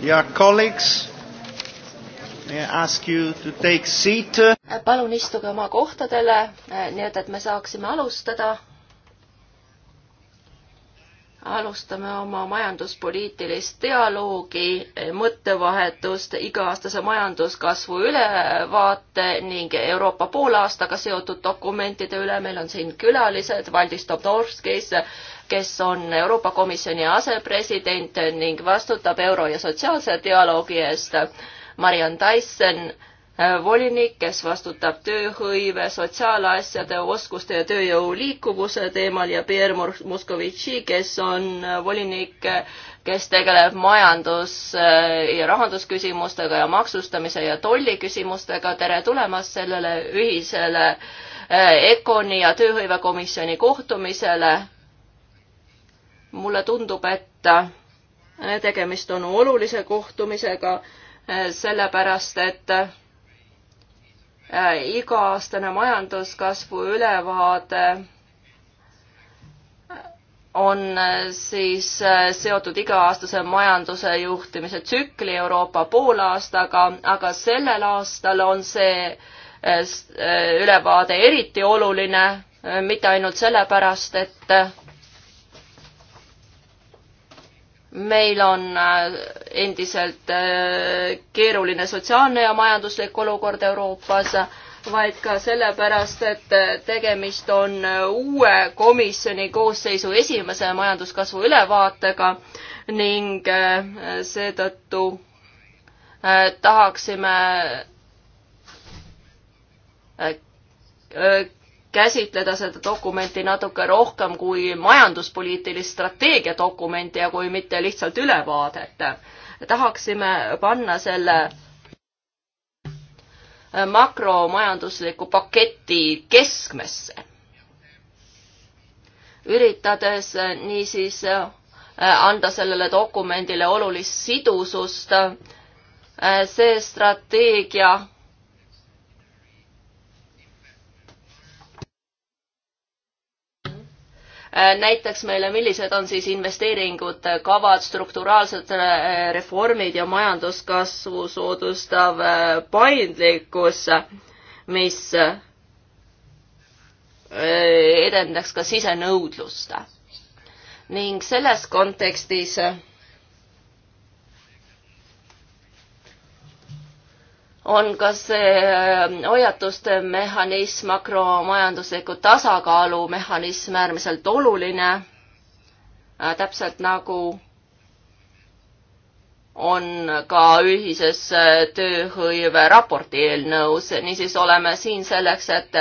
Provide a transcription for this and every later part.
Dear colleagues, may I ask you to take seat? palun istuge oma kohtadele, nii et, et me saaksime alustada. alustame oma majanduspoliitilist dialoogi, mõttevahetust, iga-aastase majanduskasvu ülevaate ning Euroopa poolaastaga seotud dokumentide üle. meil on siin külalised, Valdis Dobrovskis, kes on Euroopa Komisjoni asepresident ning vastutab euro- ja sotsiaalse dialoogi eest. Mariann Tyson, äh, volinik, kes vastutab tööhõive, sotsiaalasjade, oskuste ja tööjõu liikuvuse teemal ja Pierre Moskovitši, kes on äh, volinik, kes tegeleb majandus- äh, ja rahandusküsimustega ja maksustamise ja tolliküsimustega. tere tulemast sellele ühisele ECONi ja tööhõivekomisjoni kohtumisele mulle tundub, et äh, tegemist on olulise kohtumisega, äh, sellepärast et äh, iga-aastane majanduskasvu ülevaade on siis seotud iga-aastase majanduse juhtimise tsükli Euroopa poolaastaga, aga sellel aastal on see ülevaade eriti oluline, mitte ainult sellepärast, et meil on äh, endiselt äh, keeruline sotsiaalne ja majanduslik olukord Euroopas, vaid ka sellepärast, et äh, tegemist on uue komisjoni koosseisu esimese majanduskasvu ülevaatega ning seetõttu tahaksime käsitleda seda dokumenti natuke rohkem kui majanduspoliitilist strateegiadokumenti ja kui mitte lihtsalt ülevaadet. tahaksime panna selle makromajandusliku paketi keskmesse, üritades niisiis äh, anda sellele dokumendile olulist sidusust. Äh, see strateegia Äh, näitaks meile, millised on siis investeeringud, äh, kavad, strukturaalsed äh, reformid ja majanduskasvu soodustav paindlikkus, mis edendaks ka sisenõudlust. ning selles kontekstis on ka see äh, hoiatuste mehhanism, makromajandusliku tasakaalu mehhanism äärmiselt oluline. Äh, täpselt nagu on ka ühises äh, tööhõive raporti eelnõus, niisiis oleme siin selleks, et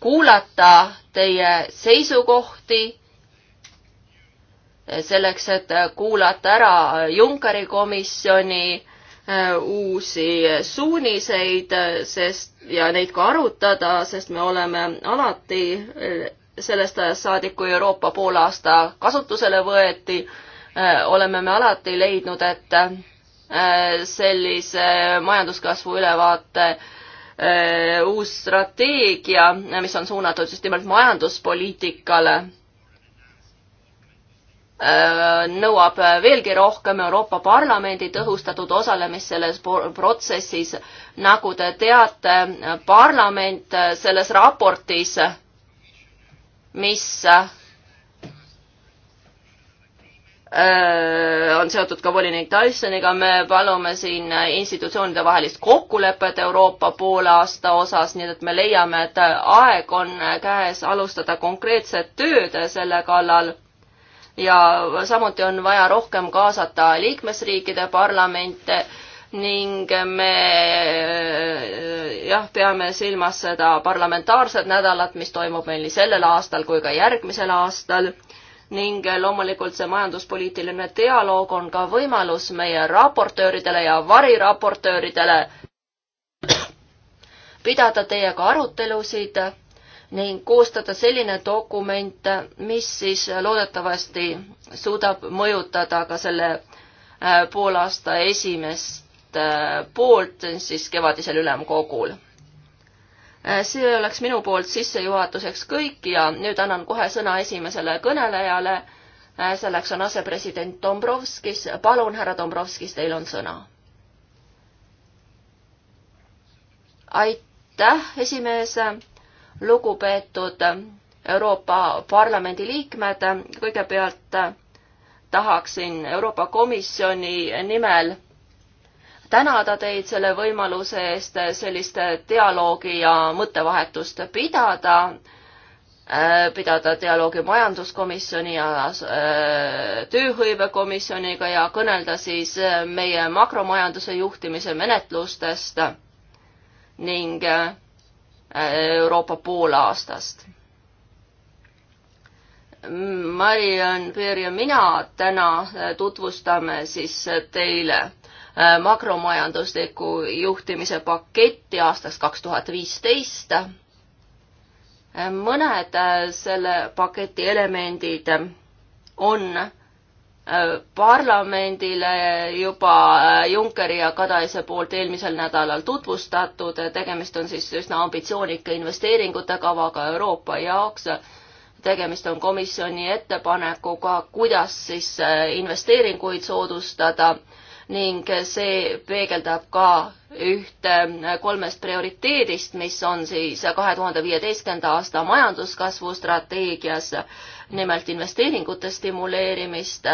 kuulata teie seisukohti, selleks, et kuulata ära Junckeri komisjoni äh, Äh, uusi suuniseid, sest ja neid ka arutada, sest me oleme alati äh, sellest ajast saadik, kui Euroopa poolaasta kasutusele võeti, äh, oleme me alati leidnud, et sellise majanduskasvu ülevaate uus strateegia, mis on suunatud just nimelt majanduspoliitikale Äh, nõuab äh, veelgi rohkem Euroopa Parlamendi tõhustatud osalemist selles protsessis. nagu te teate, parlament äh, selles raportis, mis on seotud ka volinik Dysoniga, me palume siin institutsioonide vahelist kokkulepet Euroopa poolaasta osas, nii et me leiame, et aeg on käes alustada konkreetset tööd selle kallal ja samuti on vaja rohkem kaasata liikmesriikide parlamente ning me jah, peame silmas seda parlamentaarset nädalat, mis toimub meil nii sellel aastal kui ka järgmisel aastal ning loomulikult see majanduspoliitiline dialoog on ka võimalus meie raportööridele ja variraportööridele pidada teiega arutelusid ning koostada selline dokument, mis siis loodetavasti suudab mõjutada ka selle äh, poolaasta esimest äh, poolt siis kevadisel ülemkogul. Äh, see oleks minu poolt sissejuhatuseks kõik ja nüüd annan kohe sõna esimesele kõnelejale. selleks on asepresident Dombrovskis. palun, härra Dombrovskis, teil on sõna. aitäh, esimees lugupeetud Euroopa Parlamendi liikmed, kõigepealt tahaksin Euroopa Komisjoni nimel tänada teid selle võimaluse eest sellist dialoogi ja mõttevahetust pidada, pidada dialoogi majanduskomisjoni ja äh, tööhõivekomisjoniga ja kõnelda siis äh, meie makromajanduse juhtimise menetlustest ning äh, Euroopa poolaastast. Mariann Peer ja mina täna tutvustame siis teile äh, makromajandusliku juhtimise paketti aastast kaks tuhat viisteist. Äh, mõned äh, selle paketi elemendid on Äh, parlamendile juba äh, Junckeri ja Kadaise poolt eelmisel nädalal tutvustatud, tegemist on siis üsna ambitsioonika investeeringute kavaga Euroopa jaoks, tegemist on komisjoni ettepanekuga, kuidas siis äh, investeeringuid soodustada ning see peegeldab ka ühte kolmest prioriteedist, mis on siis kahe tuhande viieteistkümnenda aasta majanduskasvu strateegias, nimelt investeeringute stimuleerimist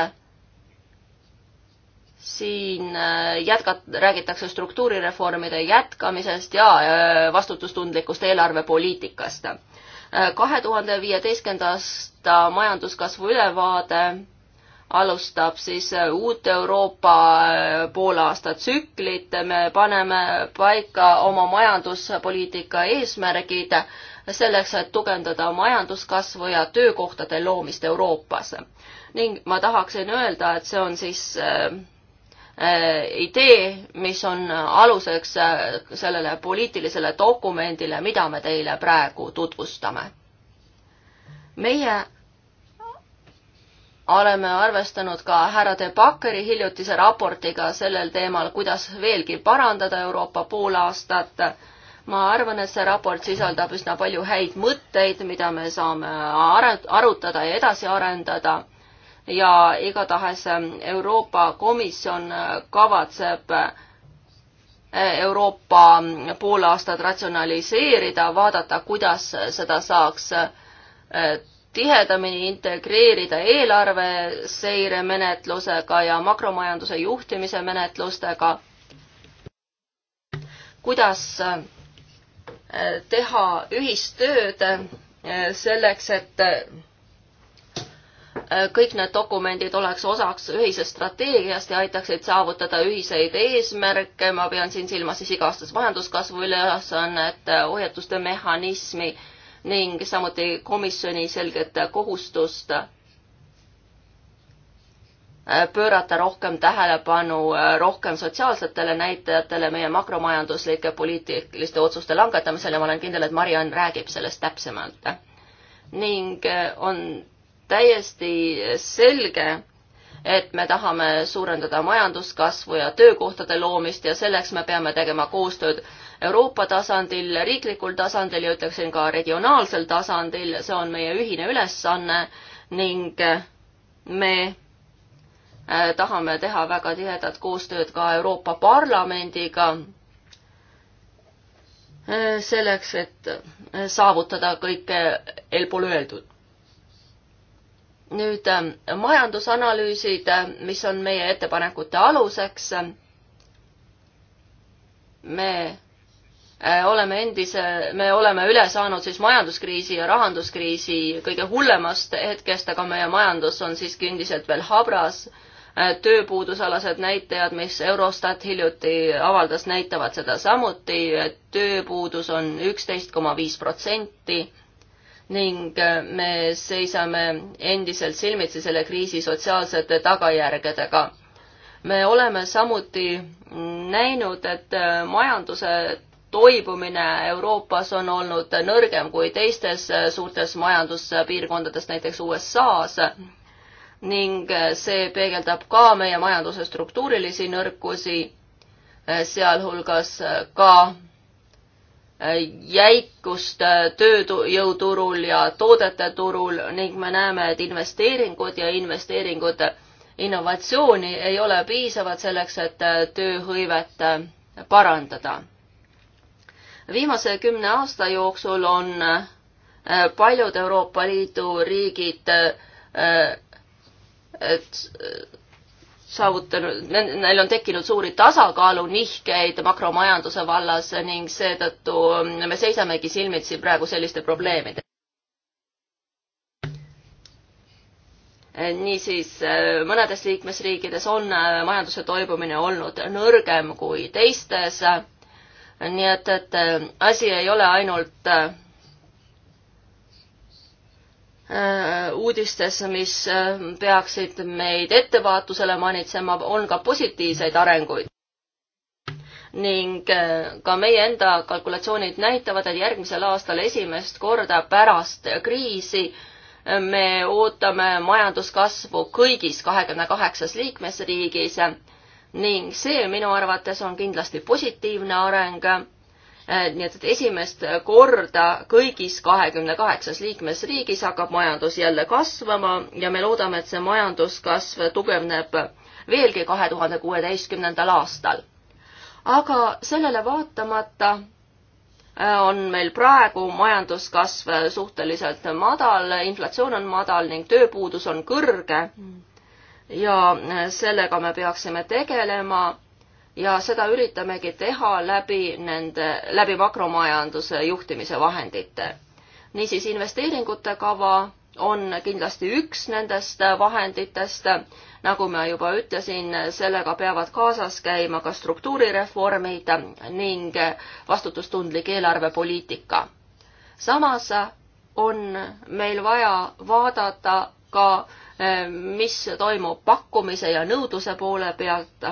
siin äh, jätkat-, räägitakse struktuurireformide jätkamisest ja äh, vastutustundlikust eelarvepoliitikast. Äh, kahe tuhande viieteistkümnenda aasta majanduskasvu ülevaade alustab siis uut Euroopa poolaasta tsüklit, me paneme paika oma majanduspoliitika eesmärgid selleks, et tugevdada majanduskasvu ja töökohtade loomist Euroopas. ning ma tahaksin öelda, et see on siis äh, Äh, idee, mis on aluseks äh, sellele poliitilisele dokumendile, mida me teile praegu tutvustame. meie oleme arvestanud ka härra De Bakkeri hiljutise raportiga sellel teemal, kuidas veelgi parandada Euroopa poolaastat. ma arvan, et see raport sisaldab üsna palju häid mõtteid, mida me saame arutada ja edasi arendada ja igatahes ähm, Euroopa Komisjon äh, kavatseb äh, Euroopa mm, pool aastat ratsionaliseerida, vaadata, kuidas seda saaks äh, tihedamini integreerida eelarveseire menetlusega ja makromajanduse juhtimise menetlustega. kuidas teha ühistööd selleks, et Äh, kõik need dokumendid oleks osaks ühisest strateegiast ja aitaksid saavutada ühiseid eesmärke, ma pean siin silmas siis iga-aastast majanduskasvu ülesannet, hoiatuste äh, mehhanismi ning samuti komisjoni selget kohustust äh, pöörata rohkem tähelepanu rohkem sotsiaalsetele näitajatele meie makromajanduslike poliitiliste otsuste langetamisel ja ma olen kindel, et Mariann räägib sellest täpsemalt. ning on täiesti selge, et me tahame suurendada majanduskasvu ja töökohtade loomist ja selleks me peame tegema koostööd Euroopa tasandil, riiklikul tasandil ja ütleksin ka regionaalsel tasandil, see on meie ühine ülesanne ning me äh, tahame teha väga tihedat koostööd ka Euroopa Parlamendiga äh, selleks, et äh, saavutada kõike eelpool öeldud nüüd ähm, majandusanalüüsid, äh, mis on meie ettepanekute aluseks. me äh, oleme endise, me oleme üle saanud siis majanduskriisi ja rahanduskriisi kõige hullemast hetkest, aga meie majandus on siiski endiselt veel habras. Äh, tööpuudusalased näitajad, mis Eurostat hiljuti avaldas, näitavad seda samuti, tööpuudus on üksteist koma viis protsenti ning äh, me seisame endiselt silmitsi selle kriisi sotsiaalsete tagajärgedega. me oleme samuti näinud, et äh, majanduse toibumine Euroopas on olnud nõrgem kui teistes äh, suurtes majanduspiirkondades, näiteks USA-s ning see peegeldab ka meie majanduse struktuurilisi nõrkusi, sealhulgas ka Äh, jäikust äh, tööjõuturul ja toodete turul ning me näeme, et investeeringud ja investeeringud innovatsiooni ei ole piisavad selleks, et äh, tööhõivet parandada. viimase kümne aasta jooksul on paljud Euroopa Liidu riigid saavutanud, neil on tekkinud suuri tasakaalunihkeid makromajanduse vallas ning seetõttu me seisamegi silmitsi praegu selliste probleemidega. niisiis, mõnedes liikmesriikides on majanduse toibumine olnud nõrgem kui teistes. nii et, et asi ei ole ainult Äh, uudistes, mis äh, peaksid meid ettevaatusele manitsema, on ka positiivseid arenguid. ning äh, ka meie enda kalkulatsioonid näitavad, et järgmisel aastal esimest korda pärast kriisi me ootame majanduskasvu kõigis kahekümne kaheksas liikmesriigis ning see minu arvates on kindlasti positiivne areng Äh, nii et, et esimest korda kõigis kahekümne kaheksas liikmesriigis hakkab majandus jälle kasvama ja me loodame, et see majanduskasv tugevneb veelgi kahe tuhande kuueteistkümnendal aastal. aga sellele vaatamata äh, on meil praegu majanduskasv suhteliselt madal, inflatsioon on madal ning tööpuudus on kõrge. ja äh, sellega me peaksime tegelema ja seda üritamegi teha läbi nende, läbi makromajanduse juhtimise vahendite. niisiis, investeeringute kava on kindlasti üks nendest vahenditest, nagu ma juba ütlesin, sellega peavad kaasas käima ka struktuurireformid ning vastutustundlik eelarvepoliitika. samas on meil vaja vaadata ka, eh, mis toimub pakkumise ja nõudluse poole pealt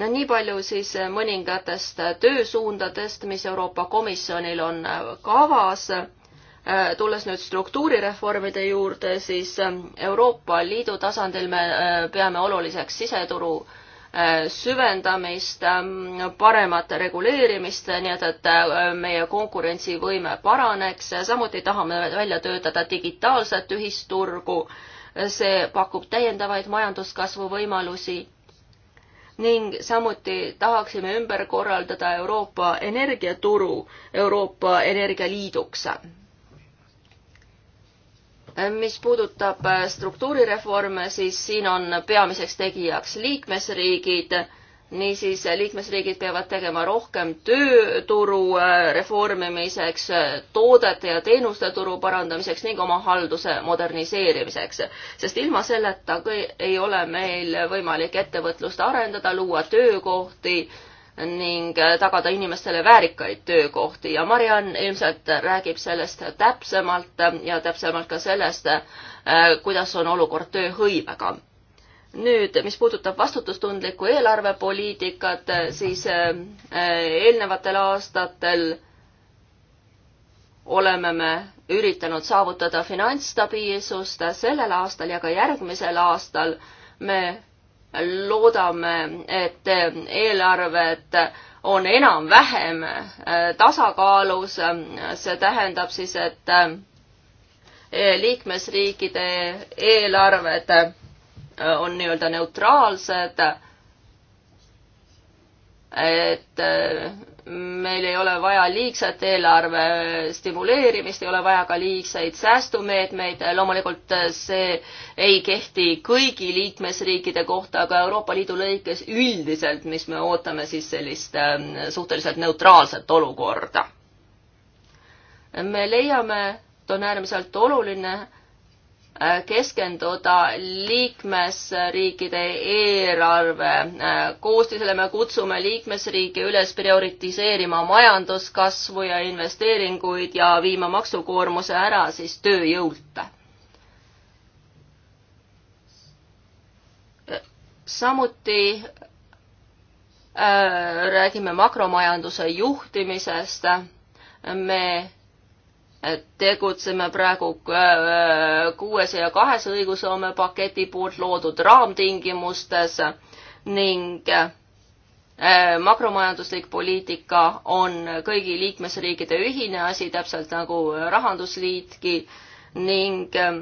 no nii palju siis äh, mõningatest äh, töösuundadest, mis Euroopa Komisjonil on äh, kavas. tulles nüüd struktuurireformide juurde, siis Euroopa Liidu tasandil me peame oluliseks siseturu süvendamist, ähm, paremat reguleerimist, nii et, et meie konkurentsivõime paraneks, samuti tahame välja töötada digitaalset ühisturgu, see pakub täiendavaid majanduskasvu võimalusi ning samuti tahaksime ümber korraldada Euroopa energiaturu Euroopa Energialiiduks. mis puudutab struktuurireforme, siis siin on peamiseks tegijaks liikmesriigid niisiis liikmesriigid peavad tegema rohkem tööturu äh, reformimiseks, äh, toodete ja teenuste turu parandamiseks ning oma halduse moderniseerimiseks. sest ilma selleta ei ole meil võimalik ettevõtlust arendada, luua töökohti ning äh, tagada inimestele väärikaid töökohti ja Mariann ilmselt räägib sellest täpsemalt ja täpsemalt ka sellest, kuidas on olukord tööhõivega nüüd, mis puudutab vastutustundlikku eelarvepoliitikat, siis äh, eelnevatel aastatel oleme me üritanud saavutada finantsstabiilsust sellel aastal ja ka järgmisel aastal me loodame, et eelarved on enam-vähem äh, tasakaalus, see tähendab siis, et äh, liikmesriikide eelarved Äh, on nii-öelda neutraalsed. et äh, meil ei ole vaja liigset eelarve stimuleerimist, ei ole vaja ka liigseid säästumeetmeid, loomulikult äh, see ei kehti kõigi liikmesriikide kohta, aga Euroopa Liidu lõikes üldiselt, mis me ootame siis sellist ähm, suhteliselt neutraalset olukorda. me leiame, et on äärmiselt oluline keskenduda liikmesriikide eelarve äh, koostisele. me kutsume liikmesriike üles prioritiseerima majanduskasvu ja investeeringuid ja viima maksukoormuse ära siis tööjõult. samuti äh, räägime makromajanduse juhtimisest. me tegutseme praegu äh, kuuesaja kahese õigusloome paketi poolt loodud raamtingimustes ning äh, makromajanduslik poliitika on kõigi liikmesriikide ühine asi, täpselt nagu Rahandusliitki ning äh,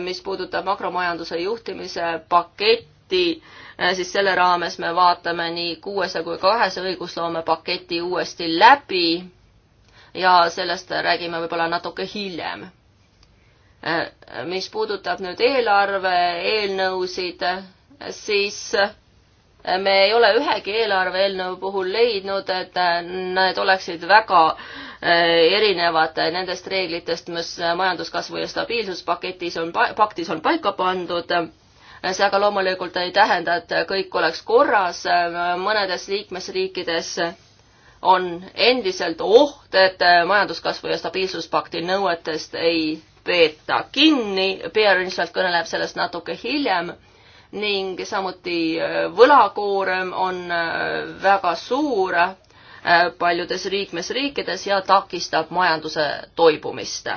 mis puudutab makromajanduse juhtimise paketti, siis selle raames me vaatame nii kuuesaja kui kahesaja õigusloome paketi uuesti läbi ja sellest räägime võib-olla natuke hiljem. Äh, mis puudutab nüüd eelarve eelnõusid, siis äh, me ei ole ühegi eelarve eelnõu puhul leidnud, et äh, need oleksid väga erinevad nendest reeglitest, mis majanduskasvu ja stabiilsuspaketis on, paktis on paika pandud. see aga loomulikult ei tähenda, et kõik oleks korras, mõnedes liikmesriikides on endiselt oht, et äh, majanduskasvu ja stabiilsuspakti nõuetest ei peeta kinni, PR ilmselt kõneleb sellest natuke hiljem, ning samuti äh, võlakoorem on äh, väga suur paljudes liikmesriikides ja takistab majanduse toibumist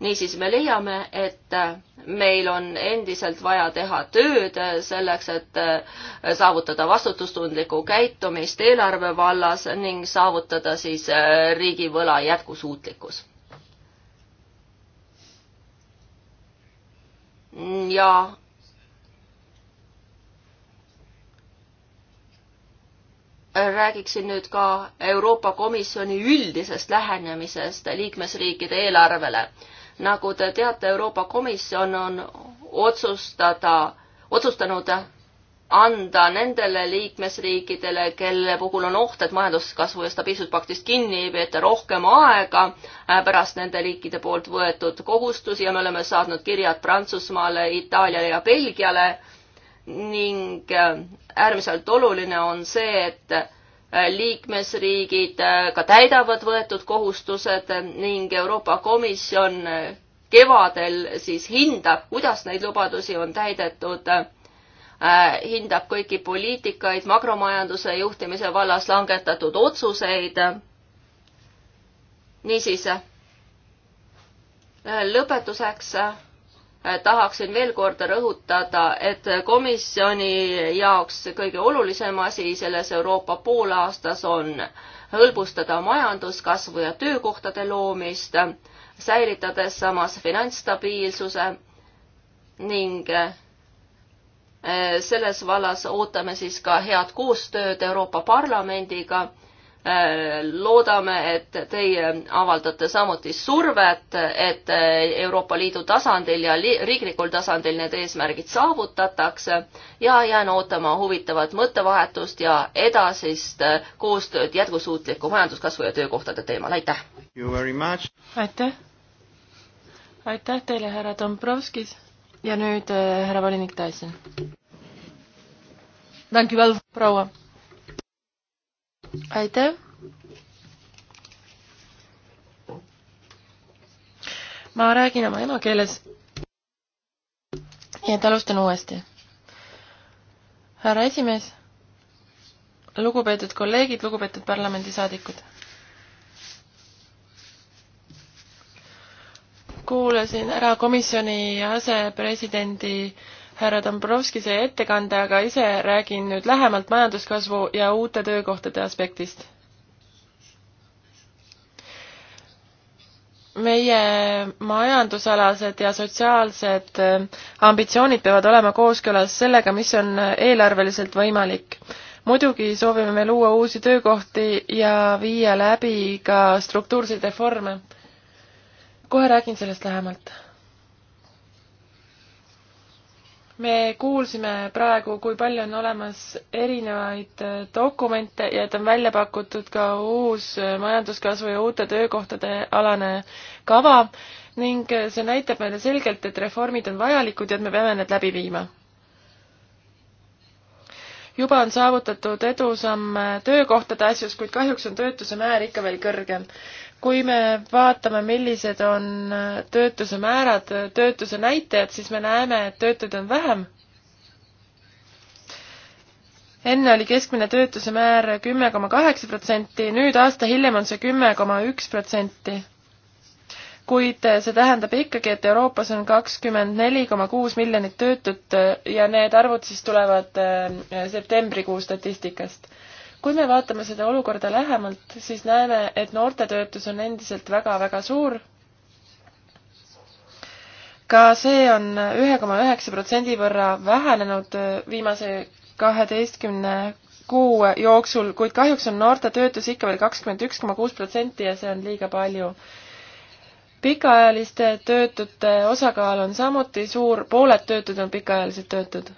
niisiis me leiame, et äh, meil on endiselt vaja teha tööd äh, selleks, et äh, saavutada vastutustundlikku käitumist eelarve vallas ning saavutada siis riigivõla jätkusuutlikkus. ja räägiksin nüüd ka Euroopa Komisjoni üldisest lähenemisest liikmesriikide eelarvele nagu te teate, Euroopa Komisjon on otsustada, otsustanud anda nendele liikmesriikidele, kelle puhul on oht, et majanduskasvu ja stabiilsuspaktist kinni ei peeta rohkem aega äh, pärast nende riikide poolt võetud kohustusi ja me oleme saatnud kirjad Prantsusmaale, Itaaliale ja Belgiale ning äh, äärmiselt oluline on see, et liikmesriigid äh, ka täidavad võetud kohustused ning Euroopa Komisjon äh, kevadel siis hindab, kuidas neid lubadusi on täidetud, äh, hindab kõiki poliitikaid, makromajanduse juhtimise vallas langetatud otsuseid. niisiis, lõpetuseks Äh, tahaksin veel kord rõhutada, et komisjoni jaoks kõige olulisem asi selles Euroopa poolaastas on hõlbustada majanduskasvu ja töökohtade loomist, säilitades samas finantsstabiilsuse ning äh, selles vallas ootame siis ka head koostööd Euroopa Parlamendiga Äh, loodame, et teie avaldate samuti survet, et Euroopa Liidu tasandil ja riiklikul tasandil need eesmärgid saavutatakse ja jään ootama huvitavat mõttevahetust ja edasist äh, koostööd jätkusuutliku majanduskasvu ja töökohtade teemal, aitäh! aitäh! aitäh teile, härra Dombrovskis ja nüüd äh, härra volinik Tyson. proua aitäh! ma räägin oma emakeeles. nii et alustan uuesti. härra esimees, lugupeetud kolleegid, lugupeetud parlamendisaadikud. kuulasin ära komisjoni asepresidendi äh, härra Dombrovskise ettekande, aga ise räägin nüüd lähemalt majanduskasvu ja uute töökohtade aspektist. meie majandusalased ja sotsiaalsed äh, ambitsioonid peavad olema kooskõlas sellega, mis on eelarveliselt võimalik muidugi soovime me luua uusi töökohti ja viia läbi ka struktuurseid reforme. kohe räägin sellest lähemalt me kuulsime praegu, kui palju on olemas erinevaid äh, dokumente ja et on välja pakutud ka uus äh, majanduskasvu ja uute töökohtade alane kava ning äh, see näitab meile selgelt, et reformid on vajalikud ja et me peame need läbi viima. juba on saavutatud edusamm töökohtade asjus, kuid kahjuks on töötuse määr ikka veel kõrgem kui me vaatame, millised on töötuse määrad, töötuse näitajad, siis me näeme, et töötuid on vähem. enne oli keskmine töötuse määr kümme koma kaheksa protsenti, nüüd aasta hiljem on see kümme koma üks protsenti. kuid see tähendab ikkagi, et Euroopas on kakskümmend neli koma kuus miljonit töötut ja need arvud siis tulevad äh, septembrikuu statistikast kui me vaatame seda olukorda lähemalt, siis näeme, et noortetöötus on endiselt väga-väga suur. ka see on ühe koma üheksa protsendi võrra vähenenud viimase kaheteistkümne kuu jooksul, kuid kahjuks on noorte töötus ikka veel kakskümmend üks koma kuus protsenti ja see on liiga palju pikaajaliste töötute osakaal on samuti suur, pooled töötud on pikaajaliselt töötud.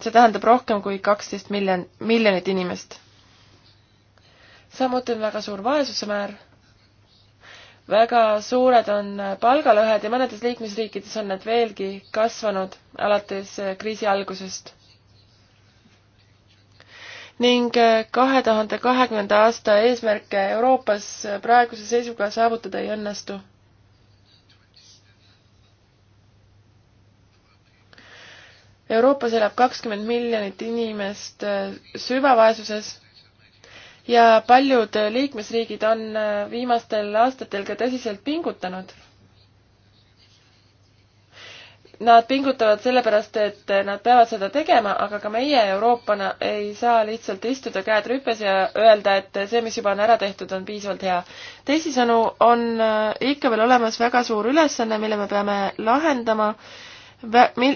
see tähendab rohkem kui kaksteist miljon, miljonit inimest samuti on väga suur vaesuse määr, väga suured on palgalõhed ja mõnedes liikmesriikides on need veelgi kasvanud alates äh, kriisi algusest. ning äh, kahe tuhande kahekümnenda aasta eesmärke Euroopas äh, praeguse seisuga saavutada ei õnnestu. Euroopas elab kakskümmend miljonit inimest süvavaesuses ja paljud liikmesriigid on äh, viimastel aastatel ka tõsiselt pingutanud. Nad pingutavad sellepärast, et nad peavad seda tegema, aga ka meie Euroopana ei saa lihtsalt istuda käed rüpes ja öelda, et see, mis juba on ära tehtud, on piisavalt hea. teisisõnu on äh, ikka veel olemas väga suur ülesanne, mille me peame lahendama äh,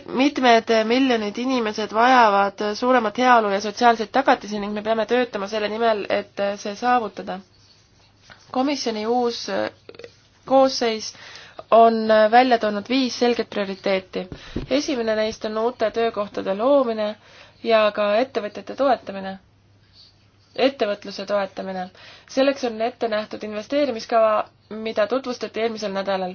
mitmed miljonid inimesed vajavad suuremat heaolu ja sotsiaalseid tagatisi ning me peame töötama selle nimel, et see saavutada. komisjoni uus äh, koosseis on äh, välja toonud viis selget prioriteeti. esimene neist on uute töökohtade loomine ja ka ettevõtjate toetamine ettevõtluse toetamine. selleks on ette nähtud investeerimiskava, mida tutvustati eelmisel nädalal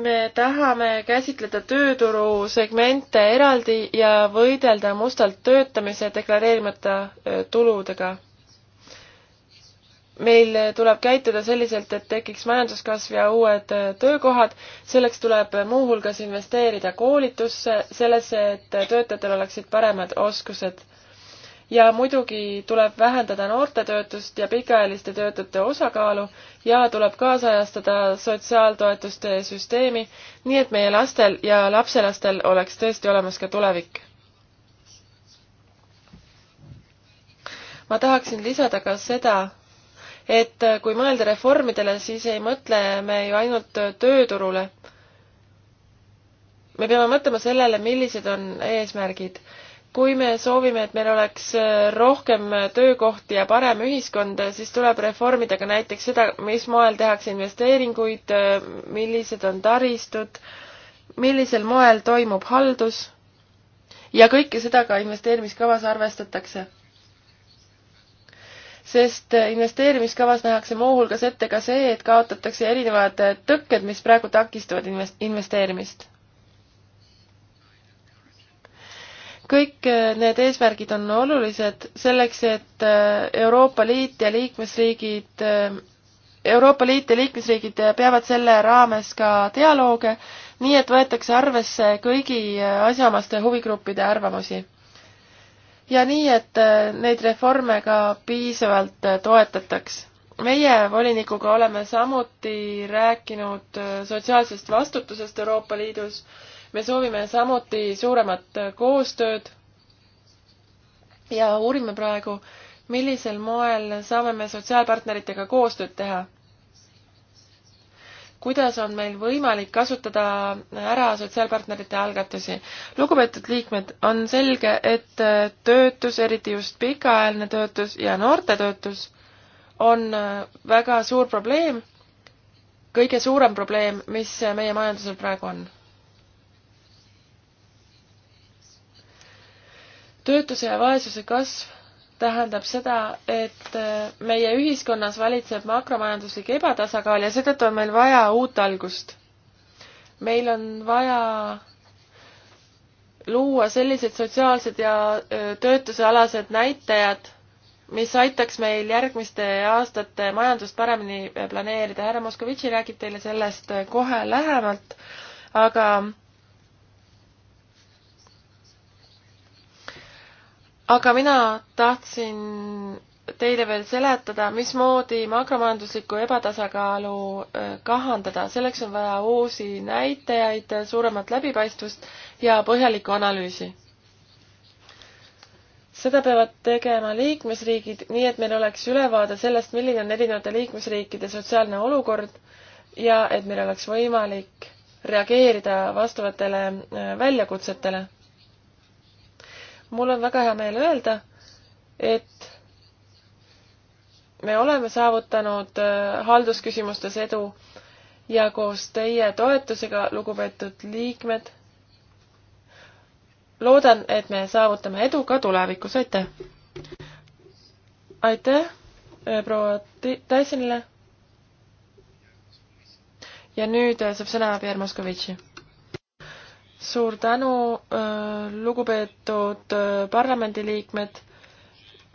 me tahame käsitleda tööturu segmente eraldi ja võidelda mustalt töötamise deklareerimata tuludega. meil tuleb käituda selliselt, et tekiks majanduskasv ja uued töökohad, selleks tuleb muuhulgas investeerida koolitusse, sellesse, et töötajatel oleksid paremad oskused ja muidugi tuleb vähendada noortetöötust ja pikaajaliste töötute osakaalu ja tuleb kaasajastada sotsiaaltoetuste süsteemi, nii et meie lastel ja lapselastel oleks tõesti olemas ka tulevik. ma tahaksin lisada ka seda, et kui mõelda reformidele, siis ei mõtle me ju ainult tööturule. me peame mõtlema sellele, millised on eesmärgid kui me soovime, et meil oleks äh, rohkem äh, töökohti ja parem ühiskond, äh, siis tuleb reformida ka näiteks seda, mis moel tehakse investeeringuid, millised on taristud, millisel moel toimub haldus ja kõike seda ka investeerimiskavas arvestatakse. sest investeerimiskavas nähakse muuhulgas ette ka see, et kaotatakse erinevad tõkked, mis praegu takistavad investeerimist kõik eh, need eesmärgid on olulised selleks, et eh, Euroopa Liit ja liikmesriigid, eh, Euroopa Liit ja liikmesriigid peavad selle raames ka dialoog, nii et võetakse arvesse kõigi asjaomaste huvigruppide arvamusi. ja nii, et neid reforme ka piisavalt toetataks meie volinikuga oleme samuti rääkinud sotsiaalsest vastutusest Euroopa Liidus me soovime samuti suuremat koostööd ja uurime praegu, millisel moel saame me sotsiaalpartneritega koostööd teha. kuidas on meil võimalik kasutada ära sotsiaalpartnerite algatusi? lugupeetud liikmed, on selge, et töötus, eriti just pikaajaline töötus ja noorte töötus, on väga suur probleem, kõige suurem probleem, mis meie majandusel praegu on töötuse ja vaesuse kasv tähendab seda, et äh, meie ühiskonnas valitseb makromajanduslik ebatasakaal ja seetõttu on meil vaja uut algust. meil on vaja luua sellised sotsiaalsed ja äh, töötusealased näitajad, mis aitaks meil järgmiste aastate majandust paremini äh, planeerida. härra Moskovitši räägib teile sellest kohe lähemalt, aga aga mina tahtsin teile veel seletada, mismoodi makromajanduslikku ebatasakaalu äh, kahandada. selleks on vaja uusi näitajaid, suuremat läbipaistvust ja põhjalikku analüüsi. seda peavad tegema liikmesriigid, nii et meil oleks ülevaade sellest, milline on erinevate liikmesriikide sotsiaalne olukord ja et meil oleks võimalik reageerida vastavatele äh, väljakutsetele mul on väga hea meel öelda, et me oleme saavutanud äh, haldusküsimustes edu ja koos teie toetusega, lugupeetud liikmed, loodan, et me saavutame edu ka tulevikus, aitäh! aitäh äh, proua Tysonile ja nüüd äh, saab sõna Pierre Moskovitši suur tänu, äh, lugupeetud äh, parlamendiliikmed.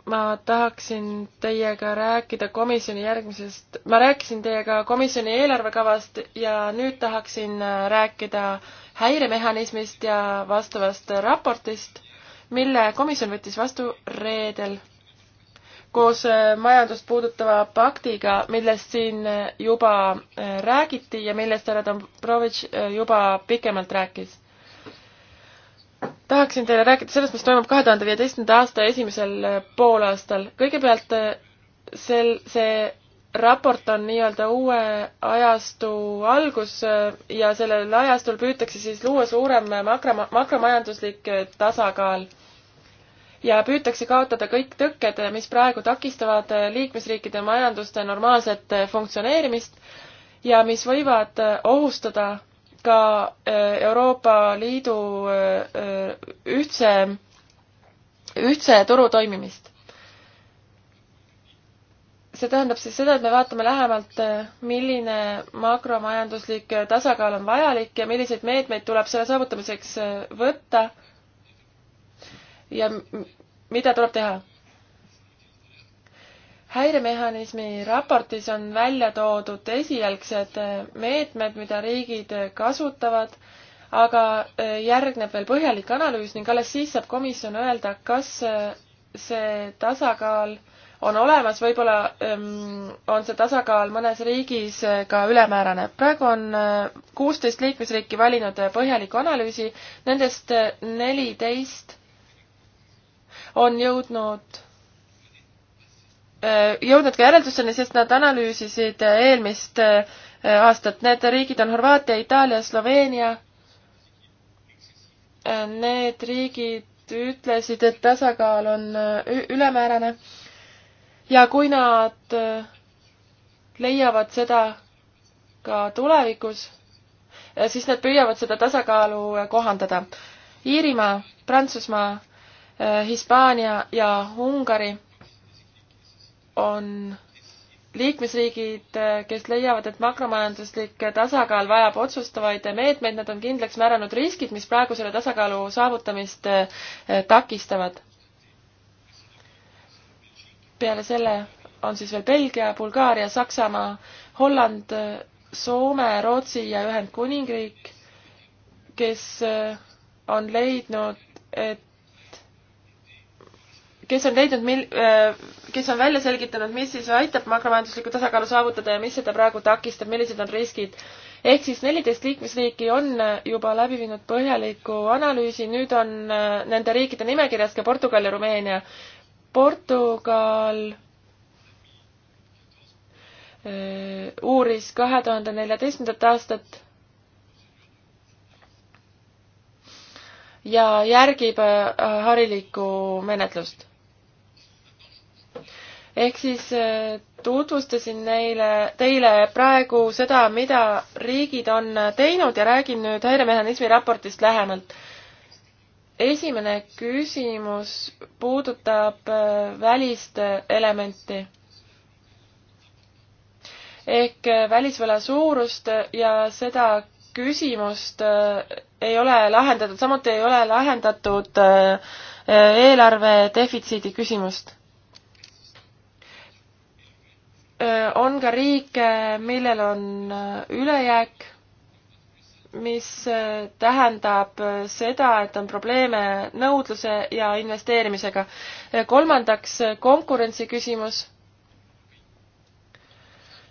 ma tahaksin teiega rääkida komisjoni järgmisest, ma rääkisin teiega komisjoni eelarvekavast ja nüüd tahaksin äh, rääkida häiremehhanismist ja vastavast raportist, mille komisjon võttis vastu reedel koos majandust puudutava paktiga, millest siin juba räägiti ja millest härra Dombrovitš juba pikemalt rääkis tahaksin teile rääkida sellest, mis toimub kahe tuhande viieteistkümnenda aasta esimesel äh, poolaastal. kõigepealt äh, sel, see raport on nii-öelda uue ajastu algus äh, ja sellel ajastul püütakse siis luua suurem makro, makromajanduslik tasakaal. ja püütakse kaotada kõik tõkked, mis praegu takistavad liikmesriikide majanduste normaalset funktsioneerimist ja mis võivad ohustada ka äh, Euroopa Liidu äh, äh, ühtse, ühtse turu toimimist. see tähendab siis seda, et me vaatame lähemalt, milline makromajanduslik tasakaal on vajalik ja milliseid meetmeid tuleb selle saavutamiseks võtta ja mida tuleb teha häiremehhanismi raportis on välja toodud esialgsed meetmed, mida riigid kasutavad, aga eh, järgneb veel põhjalik analüüs ning alles siis saab komisjon öelda, kas eh, see tasakaal on olemas, võib-olla ehm, on see tasakaal mõnes riigis eh, ka ülemäärane. praegu on kuusteist liikmesriiki valinud põhjaliku analüüsi, nendest neliteist on jõudnud Äh, jõudnud ka järelduseni, sest nad analüüsisid äh, eelmist äh, aastat. Need riigid on Horvaatia, Itaalia, Sloveenia. Need riigid ütlesid, et tasakaal on ülemäärane. ja kui nad leiavad seda ka tulevikus, siis nad püüavad seda tasakaalu kohandada. Iirimaa, Prantsusmaa, Hispaania ja Ungari on liikmesriigid, kes leiavad, et makromajanduslik tasakaal vajab otsustavaid meetmeid, nad on kindlaks määranud riskid, mis praegu selle tasakaalu saavutamist eh, takistavad. peale selle on siis veel Belgia, Bulgaaria, Saksamaa, Holland, Soome, Rootsi ja Ühendkuningriik, kes eh, on leidnud, et kes on leidnud, mil-, äh, kes on välja selgitanud, mis siis aitab makromajanduslikku tasakaalu saavutada ja mis seda praegu takistab, millised on riskid. ehk siis neliteist liikmesriiki on äh, juba läbi viinud põhjaliku analüüsi, nüüd on äh, nende riikide nimekirjas ka Portugal ja Rumeenia. Portugal uuris kahe tuhande neljateistkümnendat aastat ja järgib harilikku menetlust ehk siis äh, tutvustasin neile, teile praegu seda, mida riigid on äh, teinud ja räägin nüüd häiremehhanismi raportist lähemalt. esimene küsimus puudutab äh, välist elementi ehk välisvõla suurust ja seda küsimust ei ole lahendatud, samuti ei ole lahendatud eelarve defitsiidi küsimust on ka riike, millel on ülejääk, mis tähendab seda, et on probleeme nõudluse ja investeerimisega. kolmandaks konkurentsi küsimus,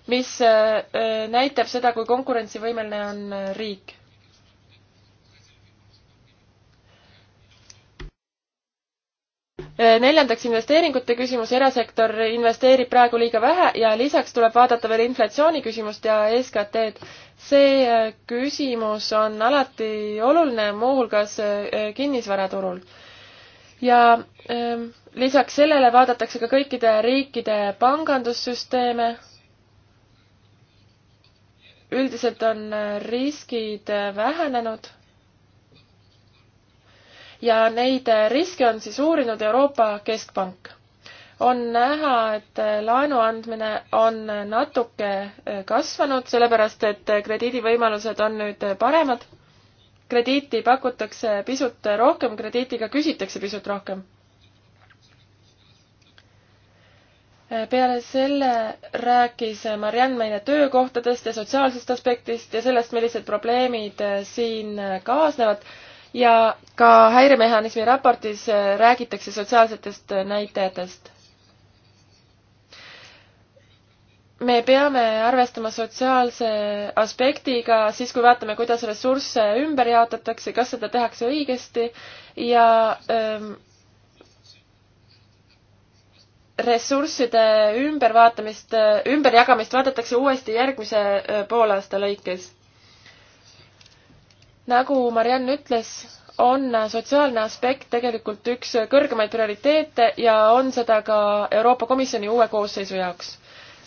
mis näitab seda, kui konkurentsivõimeline on riik Äh, neljandaks investeeringute küsimus, erasektor investeerib praegu liiga vähe ja lisaks tuleb vaadata veel inflatsiooni küsimust ja SKT-d. see äh, küsimus on alati oluline, muuhulgas äh, kinnisvaraturul. ja ähm, lisaks sellele vaadatakse ka kõikide riikide pangandussüsteeme. üldiselt on riskid vähenenud ja neid riske on siis uurinud Euroopa Keskpank. on näha, et laenu andmine on natuke kasvanud, sellepärast et krediidivõimalused on nüüd paremad. krediiti pakutakse pisut rohkem, krediitiga küsitakse pisut rohkem peale selle rääkis Mariann meile töökohtadest ja sotsiaalsest aspektist ja sellest, millised probleemid siin kaasnevad ja ka häiremehhanismi raportis äh, räägitakse sotsiaalsetest äh, näitajatest. me peame arvestama sotsiaalse aspektiga siis, kui vaatame, kuidas ressursse ümber jaotatakse, kas seda tehakse õigesti ja ähm, ressursside ümbervaatamist, äh, ümberjagamist vaadatakse uuesti järgmise poolaasta lõikes nagu Mariann ütles, on sotsiaalne aspekt tegelikult üks kõrgemaid prioriteete ja on seda ka Euroopa Komisjoni uue koosseisu jaoks.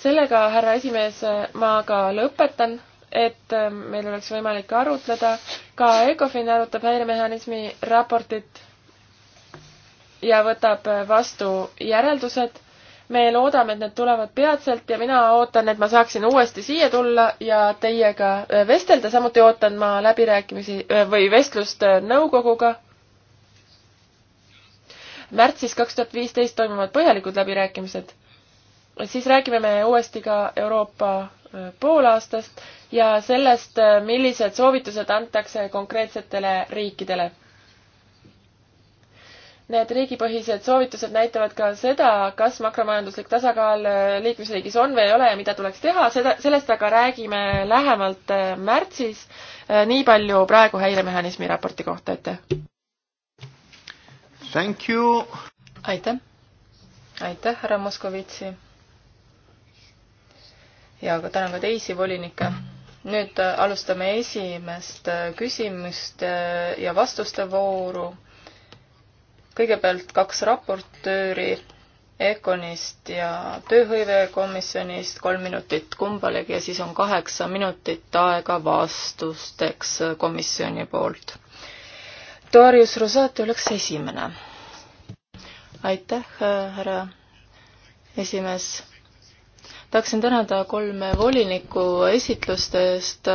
sellega, härra esimees, ma ka lõpetan, et meil oleks võimalik arutleda. ka Ecofin arutab häiremehhanismi raportit ja võtab vastu järeldused me loodame, et need tulevad peatselt ja mina ootan, et ma saaksin uuesti siia tulla ja teiega äh, vestelda, samuti ootan ma läbirääkimisi äh, või vestlust äh, nõukoguga. märtsis kaks tuhat viisteist toimuvad põhjalikud läbirääkimised. siis räägime me uuesti ka Euroopa poolaastast ja sellest, millised soovitused antakse konkreetsetele riikidele Need riigipõhised soovitused näitavad ka seda, kas makromajanduslik tasakaal äh, liikmesriigis on või ei ole ja mida tuleks teha, seda, sellest aga räägime lähemalt äh, märtsis. Äh, nii palju praegu häiremehhanismi raporti kohta, aitäh! Thank you! aitäh! aitäh, härra Moskovitsi! ja ka tänan ka teisi volinikke. nüüd alustame esimest küsimust ja vastuste vooru kõigepealt kaks raportööri Econist ja Tööhõivekomisjonist, kolm minutit kumbalegi ja siis on kaheksa minutit aega vastusteks komisjoni poolt. Darius Rosati oleks esimene. aitäh, härra esimees. tahaksin tänada kolme volinikku esitluste eest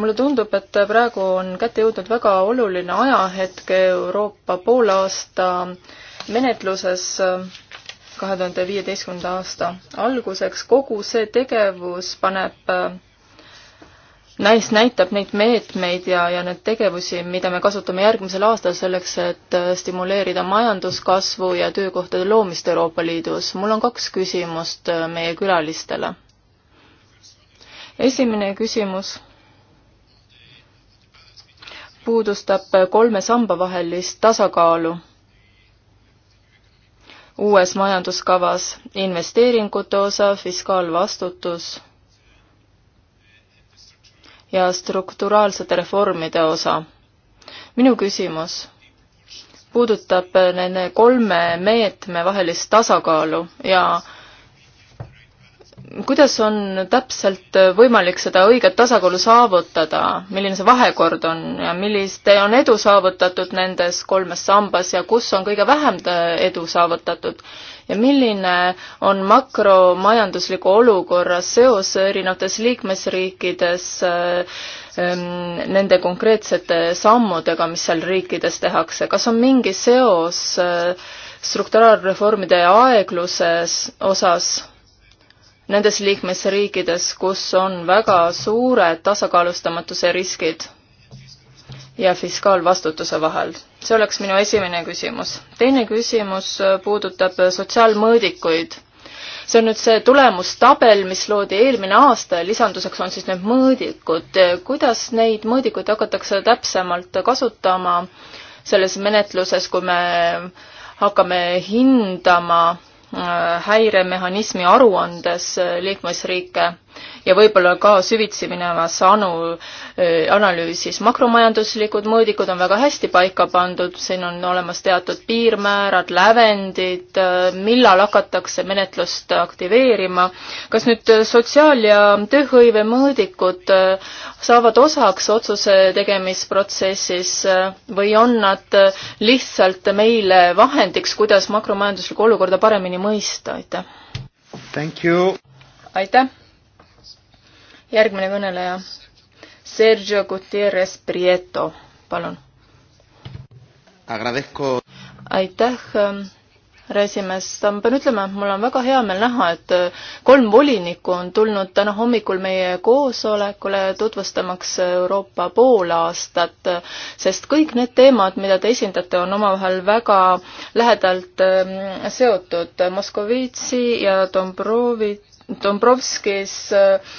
mulle tundub, et praegu on kätte jõudnud väga oluline ajahetk Euroopa poolaasta menetluses äh, kahe tuhande viieteistkümnenda aasta alguseks. kogu see tegevus paneb, äh, näis, näitab neid meetmeid ja, ja neid tegevusi, mida me kasutame järgmisel aastal selleks, et äh, stimuleerida majanduskasvu ja töökohtade loomist Euroopa Liidus. mul on kaks küsimust meie külalistele. esimene küsimus puudustab kolme samba vahelist tasakaalu uues majanduskavas, investeeringute osa, fiskaalvastutus ja strukturaalsete reformide osa. minu küsimus puudutab nende kolme meetme vahelist tasakaalu ja kuidas on täpselt võimalik seda õiget tasakaalu saavutada, milline see vahekord on ja millist on edu saavutatud nendes kolmes sambas ja kus on kõige vähem edu saavutatud? ja milline on makromajandusliku olukorra seos erinevates liikmesriikides ähm, nende konkreetsete sammudega, mis seal riikides tehakse, kas on mingi seos äh, strukturaalreformide aegluses osas nendes liikmesriikides, kus on väga suured tasakaalustamatuse riskid ja fiskaalvastutuse vahel? see oleks minu esimene küsimus. teine küsimus puudutab sotsiaalmõõdikuid. see on nüüd see tulemustabel, mis loodi eelmine aasta ja lisanduseks on siis need mõõdikud. kuidas neid mõõdikuid hakatakse täpsemalt kasutama selles menetluses, kui me hakkame hindama Äh, häiremehhanismi aruandes äh, liikmesriike ja võib-olla ka süvitsi minevas anu, analüüsis. makromajanduslikud mõõdikud on väga hästi paika pandud, siin on olemas teatud piirmäärad, lävendid, millal hakatakse menetlust aktiveerima. kas nüüd sotsiaal- ja tööhõive mõõdikud saavad osaks otsuse tegemisprotsessis või on nad lihtsalt meile vahendiks, kuidas makromajanduslikku olukorda paremini mõista, aitäh! aitäh! järgmine kõneleja, Sergio Gutierrez Prieto, palun. aitäh ähm, härra esimees, ma pean ütlema, et mul on väga hea meel näha, et äh, kolm volinikku on tulnud täna hommikul meie koosolekule tutvustamaks äh, Euroopa poolaastat, äh, sest kõik need teemad, mida te esindate, on omavahel väga lähedalt ähm, seotud. Moskovitsi ja Dombrovi, Dombrovskis äh,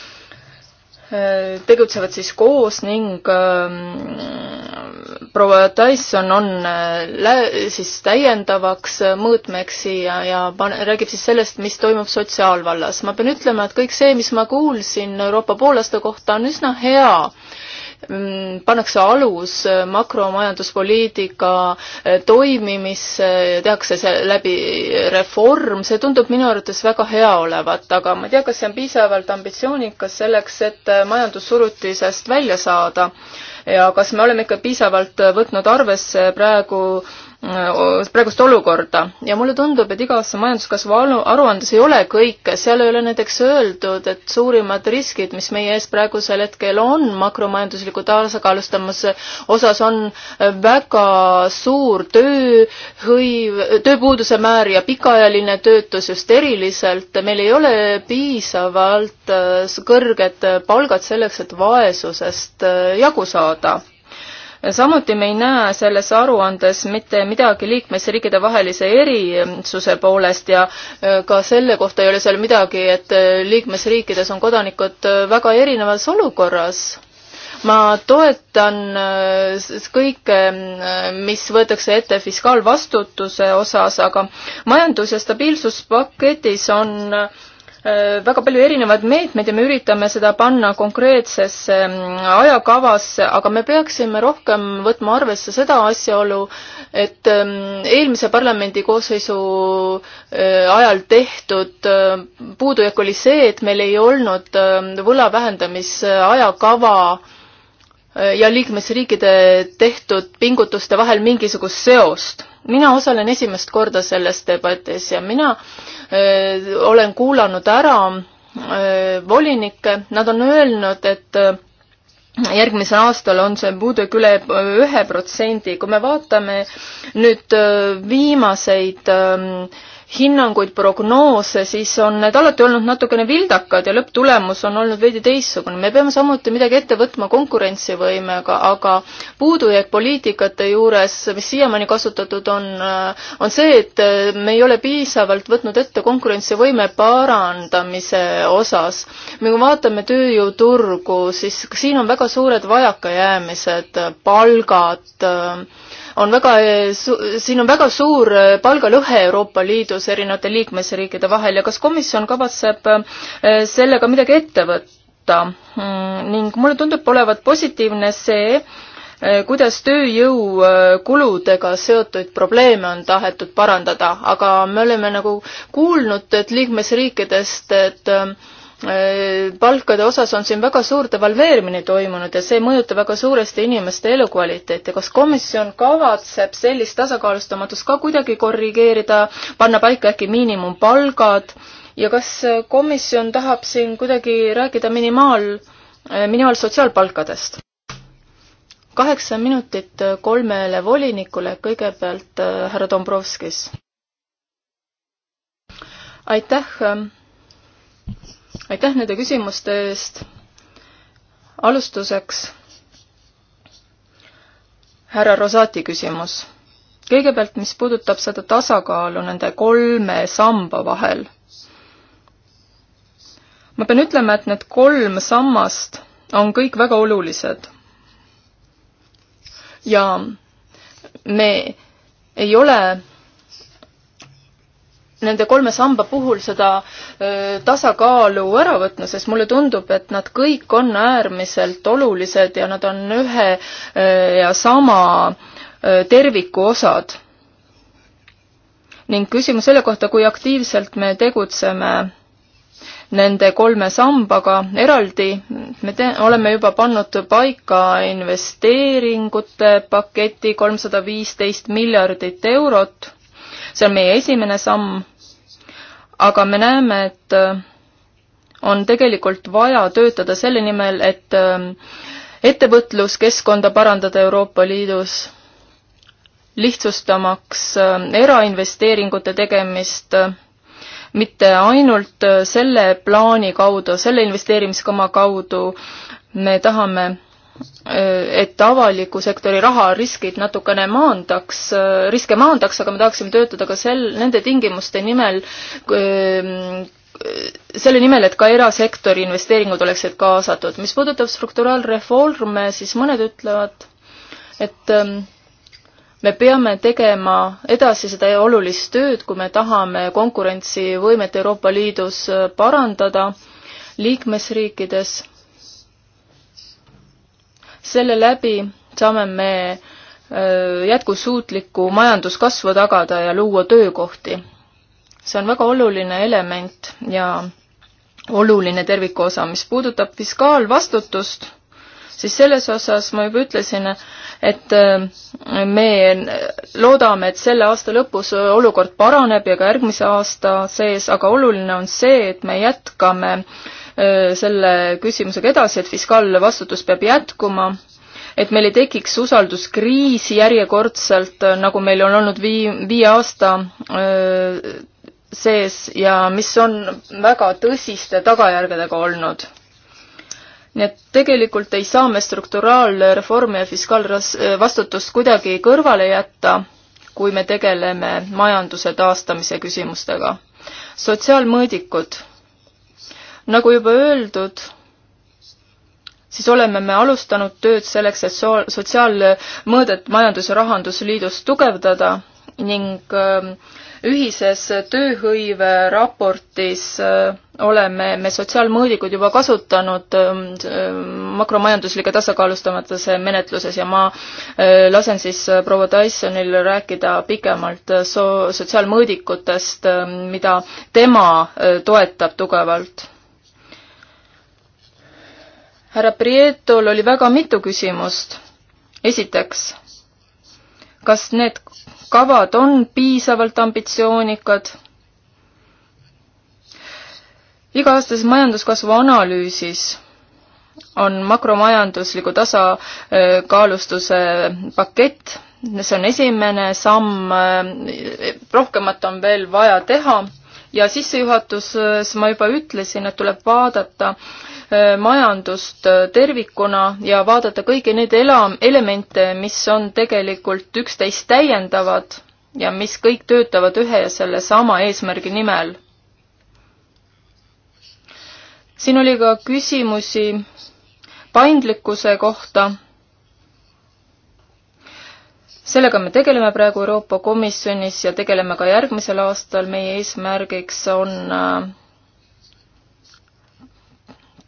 tegutsevad siis koos ning ähm, proua Tyson on äh, lä-, siis täiendavaks äh, mõõtmeks siia ja pan-, räägib siis sellest, mis toimub sotsiaalvallas. ma pean ütlema, et kõik see, mis ma kuulsin Euroopa poolaasta kohta, on üsna hea Mm, pannakse alus äh, makromajanduspoliitika äh, toimimisse, tehakse see läbi äh, reform, see tundub minu arvates väga hea olevat, aga ma ei tea, kas see on piisavalt ambitsioonikas selleks, et majandussurutisest välja saada ja kas me oleme ikka piisavalt võtnud arvesse praegu äh, Äh, praegust olukorda ja mulle tundub, et igas majanduskasvu aruandes ei ole kõike, seal ei ole näiteks öeldud, et suurimad riskid, mis meie ees praegusel hetkel on makromajandusliku tasakaalustamise osas, on äh, väga suur tööhõiv, tööpuuduse määr ja pikaajaline töötus just eriliselt, meil ei ole piisavalt äh, kõrged palgad selleks, et vaesusest jagu saada samuti me ei näe selles aruandes mitte midagi liikmesriikide vahelise erisuse poolest ja äh, ka selle kohta ei ole seal midagi, et äh, liikmesriikides on kodanikud äh, väga erinevas olukorras ma toetan kõike, mis võetakse ette fiskaalvastutuse osas, aga majandus- ja stabiilsuspaketis on äh, Äh, väga palju erinevaid meetmeid ja me üritame seda panna konkreetsesse mm, ajakavasse, aga me peaksime rohkem võtma arvesse seda asjaolu, et mm, eelmise parlamendi koosseisu äh, ajal tehtud äh, puudujääk oli see, et meil ei olnud võla vähendamise ajakava ja liikmesriikide tehtud pingutuste vahel mingisugust seost. mina osalen esimest korda selles debatis ja mina äh, olen kuulanud ära volinikke, nad on öelnud, et järgmisel aastal on see puudujääk üle ühe protsendi. kui me vaatame nüüd viimaseid äh, hinnanguid, prognoose, siis on need alati olnud natukene vildakad ja lõpptulemus on olnud veidi teistsugune. me peame samuti midagi ette võtma konkurentsivõimega, aga puudujääk poliitikate juures, mis siiamaani kasutatud on, on see, et me ei ole piisavalt võtnud ette konkurentsivõime parandamise osas. me kui vaatame tööjõuturgu, siis siin on väga suured vajakajäämised, palgad, on väga, siin on väga suur äh, palgalõhe Euroopa Liidus erinevate liikmesriikide vahel ja kas komisjon kavatseb äh, sellega midagi ette võtta? Hmm, ning mulle tundub olevat positiivne see, äh, kuidas tööjõukuludega seotud probleeme on tahetud parandada, aga me oleme nagu kuulnud, et liikmesriikidest, et Äh, palkade osas on siin väga suur devalveerimine toimunud ja see mõjutab väga suuresti inimeste elukvaliteeti. kas komisjon kavatseb sellist tasakaalustamatust ka kuidagi korrigeerida, panna paika äkki miinimumpalgad ja kas komisjon tahab siin kuidagi rääkida minimaal, äh, minimaalsotsiaalpalkadest? kaheksa minutit kolmele volinikule, kõigepealt äh, härra Dombrovskis. aitäh ähm, aitäh nende küsimuste eest. alustuseks härra Rosati küsimus. kõigepealt, mis puudutab seda tasakaalu nende kolme samba vahel. ma pean ütlema, et need kolm sammast on kõik väga olulised. ja me ei ole nende kolme samba puhul seda tasakaalu ära võtma, sest mulle tundub, et nad kõik on äärmiselt olulised ja nad on ühe ja sama terviku osad. ning küsimus selle kohta, kui aktiivselt me tegutseme nende kolme sambaga eraldi, me te-, oleme juba pannud paika investeeringute paketi kolmsada viisteist miljardit eurot see on meie esimene samm, aga me näeme, et äh, on tegelikult vaja töötada selle nimel, et äh, ettevõtluskeskkonda parandada Euroopa Liidus, lihtsustamaks äh, erainvesteeringute tegemist, mitte ainult selle plaani kaudu, selle investeerimiskama kaudu me tahame et avaliku sektori raha riskid natukene maandaks, riske maandaks, aga me tahaksime töötada ka sel, nende tingimuste nimel, ähm, selle nimel, et ka erasektori investeeringud oleksid kaasatud. mis puudutab strukturaalreforme, siis mõned ütlevad, et ähm, me peame tegema edasi seda olulist tööd, kui me tahame konkurentsivõimet Euroopa Liidus äh, parandada liikmesriikides selle läbi saame me jätkusuutliku majanduskasvu tagada ja luua töökohti. see on väga oluline element ja oluline tervikuosa. mis puudutab fiskaalvastutust, siis selles osas ma juba ütlesin, et me loodame, et selle aasta lõpus olukord paraneb ja ka järgmise aasta sees, aga oluline on see, et me jätkame äh, selle küsimusega edasi, et fiskaalvastutus peab jätkuma, et meil ei tekiks usalduskriisi järjekordselt, nagu meil on olnud vii-, viie aasta sees ja mis on väga tõsiste tagajärgedega olnud nii et tegelikult ei saa me strukturaalreformi ja fiskaalvastutust kuidagi kõrvale jätta, kui me tegeleme majanduse taastamise küsimustega. sotsiaalmõõdikud nagu juba öeldud, siis oleme me alustanud tööd selleks, et so-, sotsiaalmõõdet Majandus- ja Rahandusliidus tugevdada ning ähm, ühises tööhõive raportis äh, oleme me sotsiaalmõõdikud juba kasutanud ähm, äh, makromajanduslike tasakaalustamatuse menetluses ja ma äh, lasen siis proua Tysonil rääkida pikemalt so-, sotsiaalmõõdikutest, mida tema toetab tugevalt härra Prietol oli väga mitu küsimust. esiteks, kas need kavad on piisavalt ambitsioonikad? iga-aastases majanduskasvu analüüsis on makromajandusliku tasakaalustuse pakett, see on esimene samm, rohkemat on veel vaja teha ja sissejuhatuses ma juba ütlesin, et tuleb vaadata Äh, majandust äh, tervikuna ja vaadata kõiki neid ela-, elemente, mis on tegelikult üksteist täiendavad ja mis kõik töötavad ühe ja sellesama eesmärgi nimel. siin oli ka küsimusi paindlikkuse kohta sellega me tegeleme praegu Euroopa Komisjonis ja tegeleme ka järgmisel aastal, meie eesmärgiks on äh,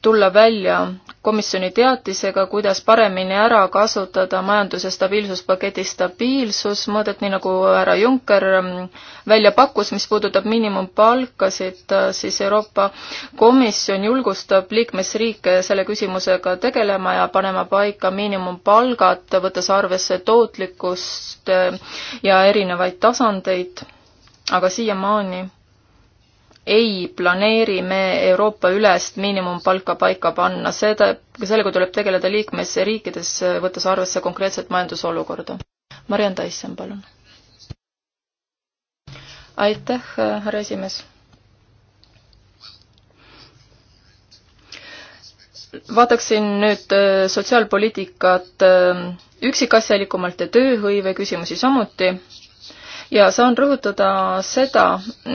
tulla välja komisjoni teatisega, kuidas paremini ära kasutada majanduse stabiilsuspaketi stabiilsusmõõdet, nii nagu härra Juncker ähm, välja pakkus, mis puudutab miinimumpalkasid, äh, siis Euroopa Komisjon julgustab liikmesriike selle küsimusega tegelema ja panema paika miinimumpalgad, võttes arvesse tootlikkust äh, ja erinevaid tasandeid, aga siiamaani ei planeeri me Euroopa ülest miinimumpalka paika panna, seda, sellega tuleb tegeleda liikmesriikides, võttes arvesse konkreetset majandusolukorda. Mariann Tassen, palun. aitäh, härra esimees. vaataksin nüüd äh, sotsiaalpoliitikat äh, üksikasjalikumalt ja tööhõive küsimusi samuti ja saan rõhutada seda,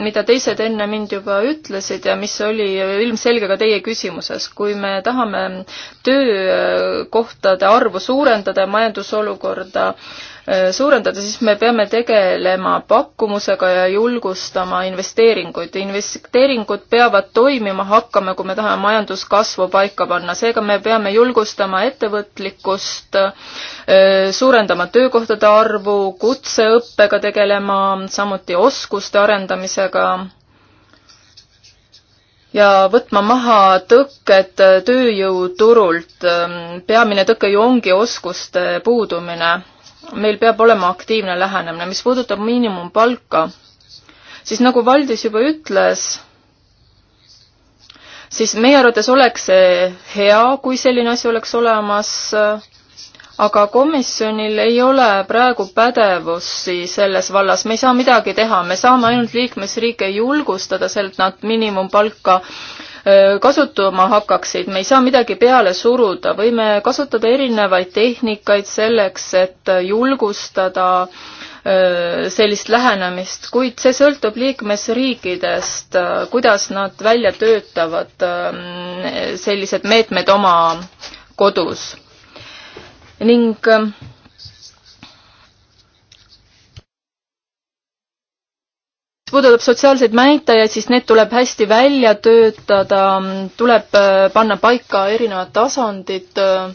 mida teised enne mind juba ütlesid ja mis oli ilmselge ka teie küsimuses. kui me tahame töökohtade arvu suurendada ja majandusolukorda äh, Äh, suurendada, siis me peame tegelema pakkumusega ja julgustama investeeringuid. investeeringud peavad toimima hakkama, kui me tahame majanduskasvu paika panna, seega me peame julgustama ettevõtlikkust, äh, suurendama töökohtade arvu, kutseõppega tegelema, samuti oskuste arendamisega ja võtma maha tõkked tööjõuturult. peamine tõke ju ongi oskuste puudumine meil peab olema aktiivne lähenemine. mis puudutab miinimumpalka, siis nagu Valdis juba ütles, siis meie arvates oleks see hea, kui selline asi oleks olemas, aga komisjonil ei ole praegu pädevusi selles vallas, me ei saa midagi teha, me saame ainult liikmesriike julgustada sealt nad miinimumpalka äh, kasutama hakkaksid, me ei saa midagi peale suruda, võime kasutada erinevaid tehnikaid selleks, et julgustada sellist lähenemist, kuid see sõltub liikmesriikidest, kuidas nad välja töötavad sellised meetmed oma kodus. ning puudutab sotsiaalseid näitajaid, siis need tuleb hästi välja töötada, tuleb äh, panna paika erinevad tasandid. Äh,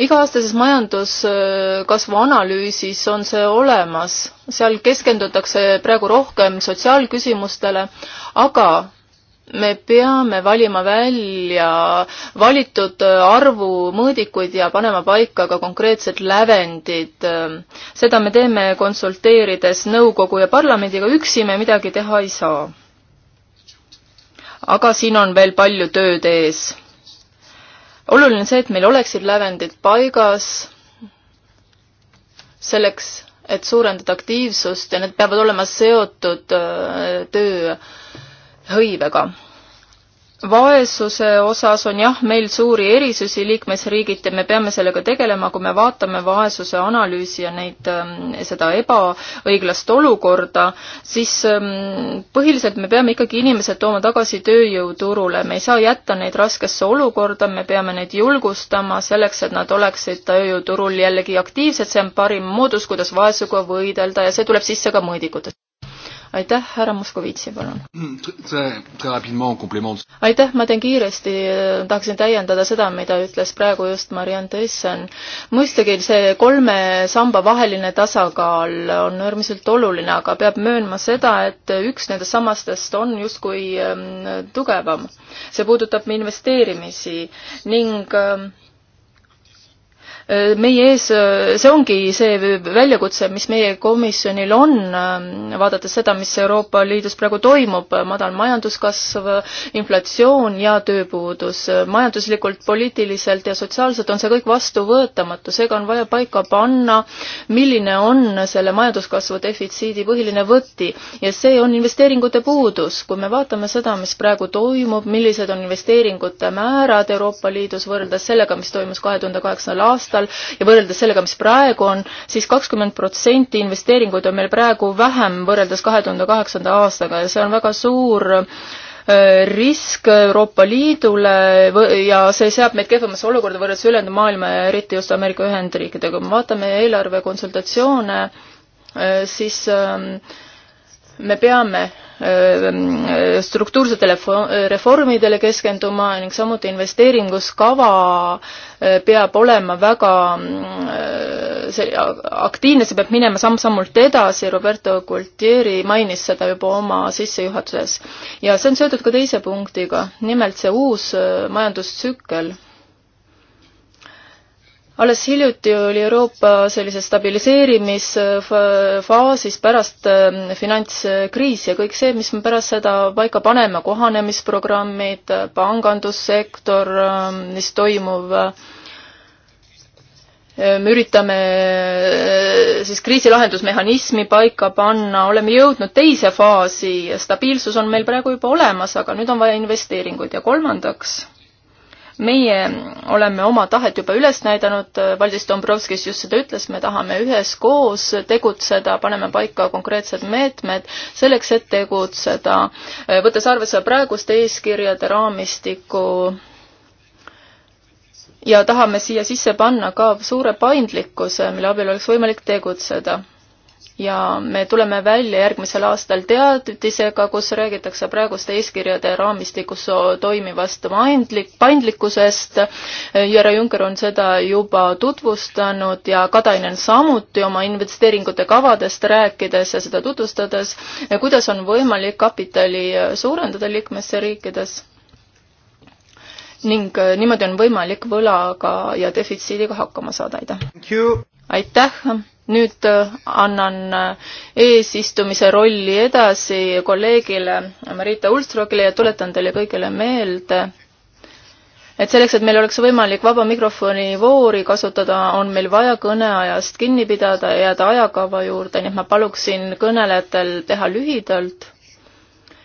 iga-aastases majanduskasvu analüüsis on see olemas, seal keskendutakse praegu rohkem sotsiaalküsimustele, aga me peame valima välja valitud äh, arvu mõõdikuid ja panema paika ka konkreetsed lävendid. Ähm, seda me teeme konsulteerides nõukogu ja parlamendiga, üksi me midagi teha ei saa. aga siin on veel palju tööd ees. oluline on see, et meil oleksid lävendid paigas selleks, et suurendada aktiivsust ja need peavad olema seotud äh, töö hõivega. vaesuse osas on jah, meil suuri erisusi liikmesriigiti, me peame sellega tegelema, kui me vaatame vaesuse analüüsi ja neid, ähm, seda ebaõiglast olukorda, siis ähm, põhiliselt me peame ikkagi inimesed tooma tagasi tööjõuturule, me ei saa jätta neid raskesse olukorda, me peame neid julgustama selleks, et nad oleksid tööjõuturul jällegi aktiivsed, see on parim moodus, kuidas vaesuga võidelda ja see tuleb sisse ka mõõdikutest aitäh, härra Moskovitši, palun. Hmm, aitäh, ma teen kiiresti, tahaksin täiendada seda, mida ütles praegu just Marianne Tõisson. mõistagi see kolme samba vaheline tasakaal on äärmiselt oluline, aga peab möönma seda, et üks nendest sammastest on justkui ähm, tugevam. see puudutab investeerimisi ning ähm, meie ees, see ongi see väljakutse, mis meie komisjonil on, vaadates seda, mis Euroopa Liidus praegu toimub, madal majanduskasv, inflatsioon ja tööpuudus. majanduslikult, poliitiliselt ja sotsiaalselt on see kõik vastuvõetamatu, seega on vaja paika panna, milline on selle majanduskasvu defitsiidi põhiline võti ja see on investeeringute puudus. kui me vaatame seda, mis praegu toimub, millised on investeeringute määrad Euroopa Liidus võrreldes sellega, mis toimus kahe tuhande kaheksandal aastal, aastal ja võrreldes sellega, mis praegu on siis, siis kakskümmend protsenti investeeringuid on meil praegu vähem võrreldes kahe tuhande kaheksanda aastaga ja see on väga suur äh, risk Euroopa Liidule ja see seab meid kehvemasse olukorda võrreldes ülejäänud maailma ja eriti just Ameerika Ühendriikidega. kui me vaatame eelarvekonsultatsioone, äh, siis äh, me peame struktuursetele reformidele keskenduma ning samuti investeeringuskava peab olema väga aktiivne, see peab minema samm-sammult edasi, Roberto Gualtieri mainis seda juba oma sissejuhatuses. ja see on seotud ka teise punktiga, nimelt see uus majandustsükkel alles hiljuti oli Euroopa sellises stabiliseerimisfaasis pärast ähm, finantskriisi ja kõik see, mis me pärast seda paika paneme, kohanemisprogrammid, pangandussektoris ähm, toimuv, me ähm, üritame äh, siis kriisilahendusmehhanismi paika panna, oleme jõudnud teise faasi, stabiilsus on meil praegu juba olemas, aga nüüd on vaja investeeringuid ja kolmandaks meie oleme oma tahet juba üles näidanud, Valdis Dombrovskis just seda ütles, me tahame üheskoos tegutseda, paneme paika konkreetsed meetmed selleks, et tegutseda, võttes arvesse praeguste eeskirjade raamistikku ja tahame siia sisse panna ka suure paindlikkuse, mille abil oleks võimalik tegutseda ja me tuleme välja järgmisel aastal teadisega, kus räägitakse praeguste eeskirjade raamistikus toimivast paindlik, paindlikkusest. Jüri Juncker on seda juba tutvustanud ja Katainen samuti oma investeeringute kavadest rääkides ja seda tutvustades, kuidas on võimalik kapitali suurendada liikmesriikides ning niimoodi on võimalik võlaga ja defitsiidiga hakkama saada, aitäh! aitäh! nüüd äh, annan äh, eesistumise rolli edasi kolleegile Marita Ulstrogile ja tuletan teile kõigile meelde, et selleks, et meil oleks võimalik vaba mikrofoni voori kasutada, on meil vaja kõneajast kinni pidada ja jääda ajakava juurde, nii et ma paluksin kõnelejatel teha lühidalt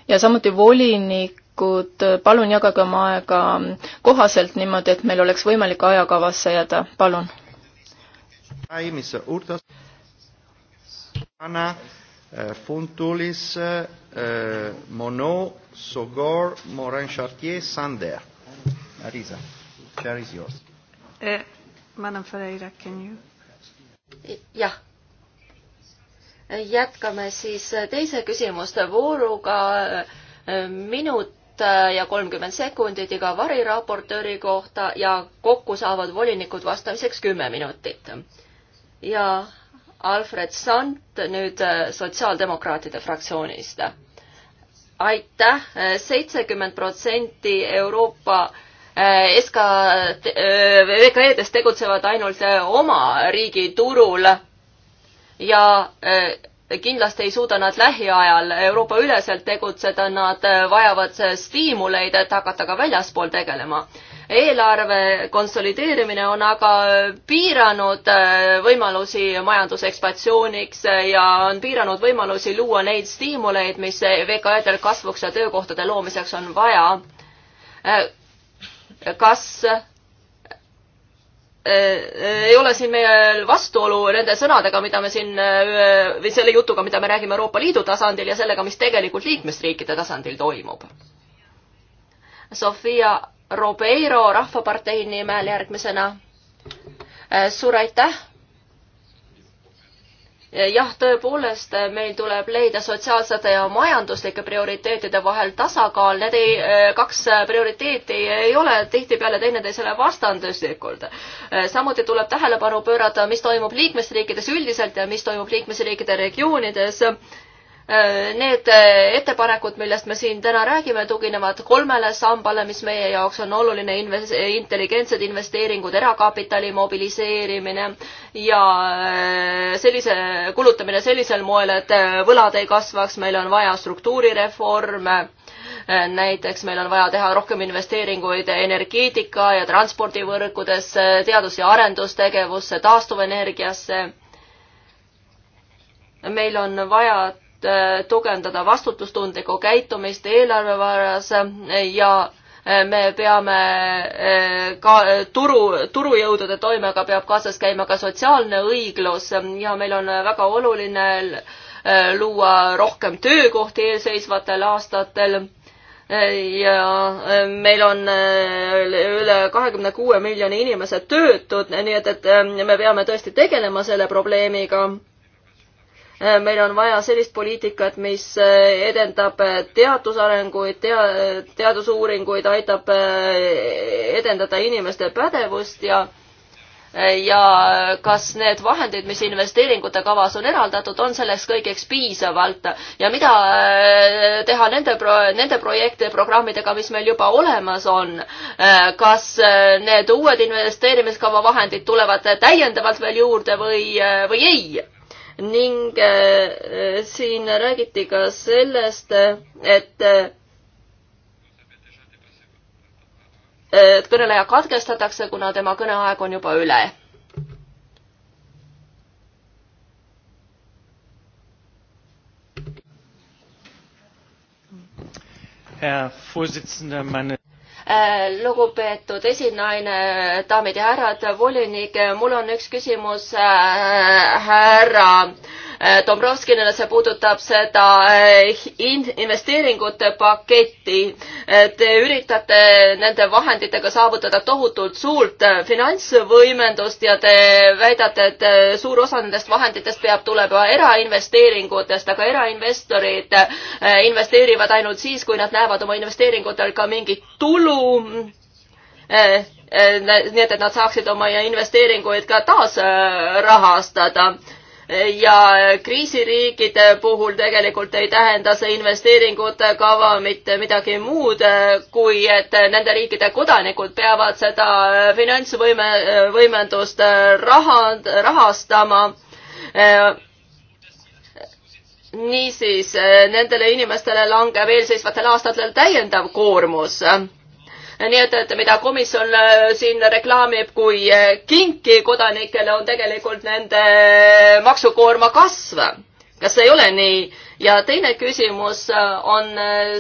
ja samuti volinikud, palun jagage oma aega kohaselt niimoodi, et meil oleks võimalik ajakavasse jääda, palun Mr Urtas, Anna eh, Funtulis, eh, eh, Monod, Sogor, Morin Chartier, Sander. Marisa, chair is yours. Uh, Madam Ferreira, can you? jah. jätkame siis teise küsimuste vooruga. minut ja kolmkümmend sekundit iga variraportööri kohta ja kokku saavad volinikud vastamiseks kümme minutit ja Alfred Sant nüüd äh, Sotsiaaldemokraatide fraktsioonist. aitäh, äh, seitsekümmend protsenti Euroopa äh, SK, VKE-des tegutsevad ainult oma riigi turul ja kindlasti ei suuda nad lähiajal Euroopa üleselt tegutseda, nad vajavad stiimuleid, et hakata ka väljaspool tegelema eelarve konsolideerimine on aga piiranud äh, võimalusi majandusekspansiooniks ja on piiranud võimalusi luua neid stiimuleid, mis VKE-del kasvuks ja töökohtade loomiseks on vaja. Äh, kas äh, ei ole siin meil vastuolu nende sõnadega, mida me siin või selle jutuga, mida me räägime Euroopa Liidu tasandil ja sellega, mis tegelikult liikmesriikide tasandil toimub. Sofia Robeiro Rahvapartei nimel järgmisena. Äh, suur aitäh! Äh, jah, tõepoolest, äh, meil tuleb leida sotsiaalsete ja majanduslike prioriteetide vahel tasakaal, need ei, kaks prioriteeti ei ole tihtipeale teineteisele vastanduslikud. samuti tuleb tähelepanu pöörata, mis toimub liikmesriikides üldiselt ja mis toimub liikmesriikide regioonides Need ettepanekud, millest me siin täna räägime, tuginevad kolmele sambale, mis meie jaoks on oluline inves-, intelligentsed investeeringud, erakapitali mobiliseerimine ja äh, sellise, kulutamine sellisel moel, et äh, võlad ei kasvaks, meil on vaja struktuurireforme, äh, näiteks meil on vaja teha rohkem investeeringuid energeetika ja transpordivõrkudesse, teadus- ja arendustegevusse, taastuvenergiasse. meil on vaja et eh, tugevdada vastutustundlikku käitumist eelarve varas eh, ja eh, me peame ka turu, turujõudude toimega peab kaasas käima ka sotsiaalne õiglus ja meil on väga oluline luua rohkem töökohti eelseisvatel aastatel ja meil on üle kahekümne kuue miljoni inimese töötud, nii et, et me peame tõesti tegelema selle probleemiga Eh, meil on vaja sellist poliitikat, mis eh, edendab eh, teadusarenguid, tea-, teadusuuringuid, aitab edendada inimeste pädevust ja ja kas need vahendid, mis investeeringute kavas on eraldatud, on selleks kõigeks piisavalt ja mida teha nende pro-, nende projektide, programmidega, mis meil juba olemas on. kas need uued investeerimiskava vahendid tulevad täiendavalt veel juurde või, või ei? ning äh, siin räägiti ka sellest, et et kõneleja katkestatakse, kuna tema kõneaeg on juba üle herr präsident meine Äh, lugupeetud esinaine, daamid ja härrad, volinik, mul on üks küsimus äh, härra Eh, Dombrovskinile, see puudutab seda eh, investeeringute paketti. Eh, te üritate nende vahenditega saavutada tohutult suurt finantsvõimendust ja te väidate, et suur osa nendest vahenditest peab tulema erainvesteeringutest, aga erainvestorid investeerivad ainult siis, kui nad näevad oma investeeringutel ka mingit tulu nii et, et nad saaksid oma investeeringuid ka taasrahastada ja kriisiriikide puhul tegelikult ei tähenda see investeeringute kava mitte midagi muud, kui et nende riikide kodanikud peavad seda finantsvõime, võimendust raha, rahastama niisiis nendele inimestele langeb eelseisvatel aastatel täiendav koormus nii et, et mida komisjon äh, siin reklaamib kui äh, kinki kodanikele, on tegelikult nende äh, maksukoorma kasv. kas ei ole nii? ja teine küsimus on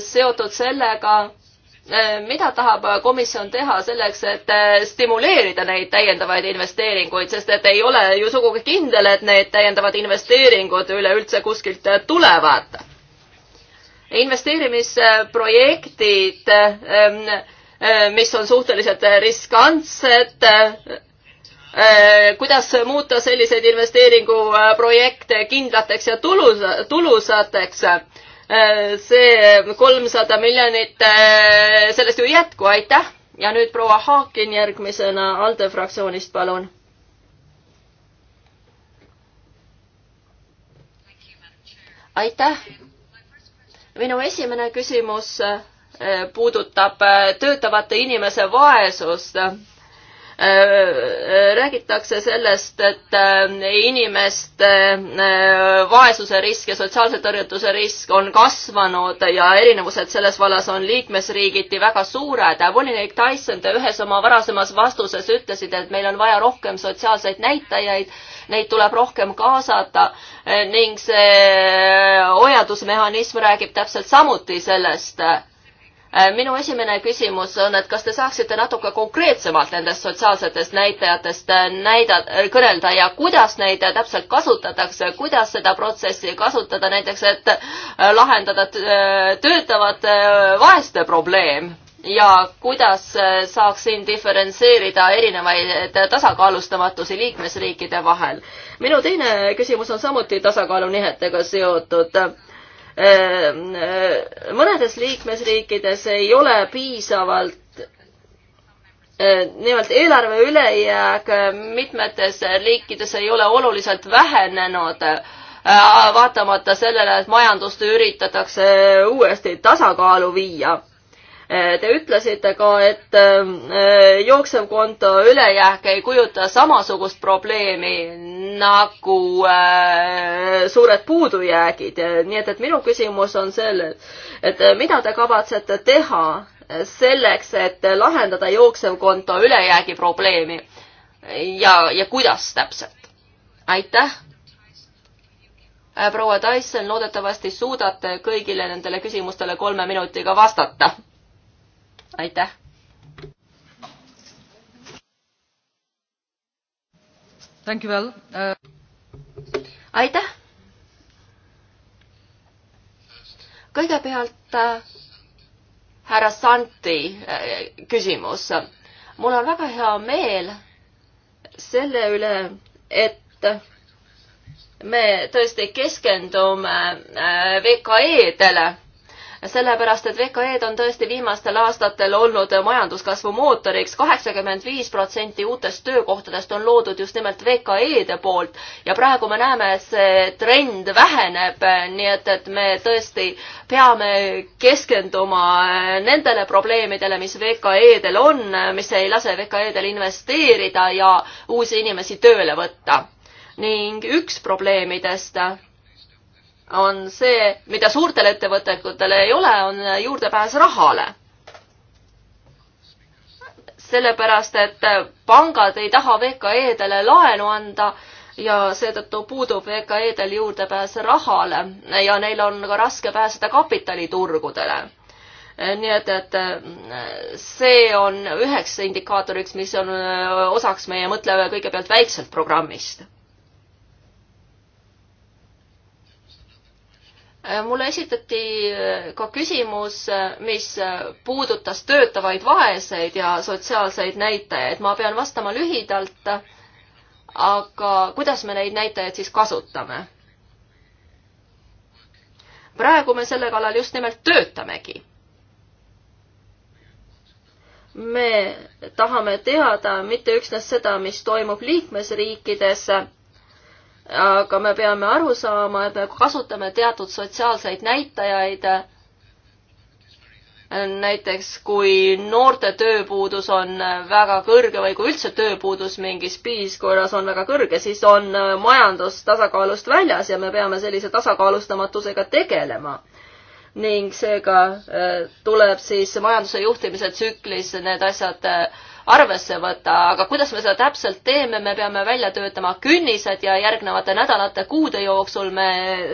seotud sellega, mida tahab komisjon teha selleks, et stimuleerida neid täiendavaid investeeringuid, sest et ei ole ju sugugi kindel, et need täiendavad investeeringud üleüldse kuskilt tulevad. investeerimisprojektid ähm, Eh, mis on suhteliselt riskantsed. Eh, kuidas muuta selliseid investeeringuprojekte kindlateks ja tulus, tulusateks? Eh, see kolmsada miljonit, sellest ju ei jätku, aitäh. ja nüüd proua Haakin järgmisena ALDE fraktsioonist, palun aitäh. minu esimene küsimus puudutab äh, töötavate inimese vaesust. Äh, räägitakse sellest, et äh, inimeste vaesuse risk ja sotsiaalse tõrjutuse risk on kasvanud ja erinevused selles vallas on liikmesriigiti väga suured. volinik Tyson, te ühes oma varasemas vastuses ütlesite, et meil on vaja rohkem sotsiaalseid näitajaid neid tuleb rohkem kaasata ning see hoiatusmehhanism räägib täpselt samuti sellest. Äh, minu esimene küsimus on, et kas te saaksite natuke konkreetsemalt nendest sotsiaalsetest näitajatest äh, näida, kõnelda ja kuidas neid täpselt kasutatakse, kuidas seda protsessi kasutada näiteks, et äh, lahendada töötavate vaeste probleem ja kuidas saaks siin diferentseerida erinevaid tasakaalustamatusi liikmesriikide vahel. minu teine küsimus on samuti tasakaalunihetega seotud Ehm, mõnedes liikmesriikides ei ole piisavalt ehm, nimelt eelarve ülejääk ehm, mitmetes riikides ei ole oluliselt vähenenud, vaatamata sellele, et majandust üritatakse eh, uuesti tasakaalu viia Äh, te ütlesite ka, et äh, jooksevkonto ülejääk ei kujuta samasugust probleemi nagu äh, suured puudujäägid, nii et, et minu küsimus on selle, et mida te kavatsete teha selleks, et lahendada jooksevkonto ülejäägi probleemi ja, ja kuidas täpselt? aitäh! proua Tyson, loodetavasti suudate kõigile nendele küsimustele kolme minutiga vastata aitäh. Uh, aitäh. kõigepealt äh, härra Santi äh, küsimus. mul on väga hea meel selle üle, et me tõesti keskendume äh, VKE-dele sellepärast et VKE-d on tõesti viimastel aastatel olnud majanduskasvu mootoriks. kaheksakümmend viis protsenti uutest töökohtadest on loodud just nimelt VKE-de poolt ja praegu me näeme, et see trend väheneb, nii et, et me tõesti peame keskenduma nendele probleemidele, mis VKE-del on, mis ei lase VKE-del investeerida ja uusi inimesi tööle võtta ning üks probleemidest on see, mida suurtel ettevõtetel ei ole, on juurdepääs rahale. sellepärast, et pangad ei taha VKE-dele laenu anda ja seetõttu puudub VKE-del juurdepääs rahale ja neil on ka raske pääseda kapitaliturgudele. nii et, et see on üheks indikaatoriks, mis on osaks meie Mõtle kõigepealt väikselt programmist Äh, mulle esitati äh, ka küsimus, äh, mis puudutas töötavaid vaeseid ja sotsiaalseid näitajaid. ma pean vastama lühidalt, aga kuidas me neid näitajaid siis kasutame? praegu me selle kallal just nimelt töötamegi. me tahame teada mitte üksnes seda, mis toimub liikmesriikides aga me peame aru saama, et me kasutame teatud sotsiaalseid näitajaid. näiteks kui noorte tööpuudus on väga kõrge või kui üldse tööpuudus mingis piiskonnas on väga kõrge, siis on majandus tasakaalust väljas ja me peame sellise tasakaalustamatusega tegelema ning seega eh, tuleb siis majanduse juhtimise tsüklis need asjad äh, arvesse võtta, aga kuidas me seda täpselt teeme, me peame välja töötama künnised ja järgnevate nädalate, kuude jooksul me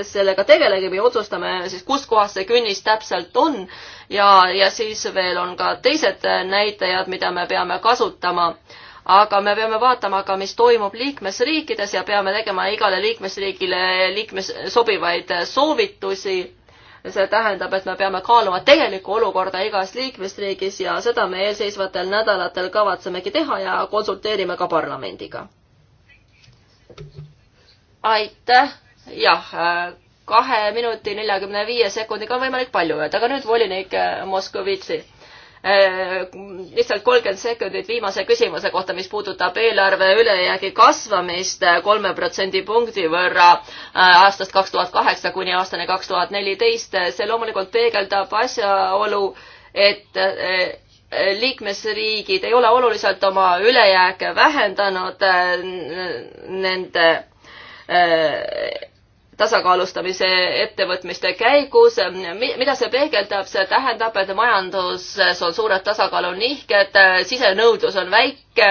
sellega tegeleme ja otsustame siis, kus kohas see künnis täpselt on ja, ja siis veel on ka teised näitajad, mida me peame kasutama aga me peame vaatama ka, mis toimub liikmesriikides ja peame tegema igale liikmesriigile liikmes, sobivaid soovitusi see tähendab, et me peame kaaluma tegelikku olukorda igas liikmesriigis ja seda me eelseisvatel nädalatel kavatsemegi teha ja konsulteerime ka parlamendiga. aitäh, jah, kahe minuti neljakümne viie sekundiga on võimalik palju öelda, aga nüüd volinik Moskovitši Äh, lihtsalt kolmkümmend sekundit viimase küsimuse kohta, mis puudutab eelarve ülejäägi kasvamist äh, kolme protsendipunkti võrra äh, aastast kaks tuhat kaheksa kuni aastani kaks tuhat neliteist. see loomulikult peegeldab asjaolu, et liikmesriigid ei ole oluliselt oma ülejääke vähendanud nende tasakaalustamise ettevõtmiste käigus. mida see peegeldab, see tähendab, et majanduses on suured tasakaalunihked, sisenõudlus on väike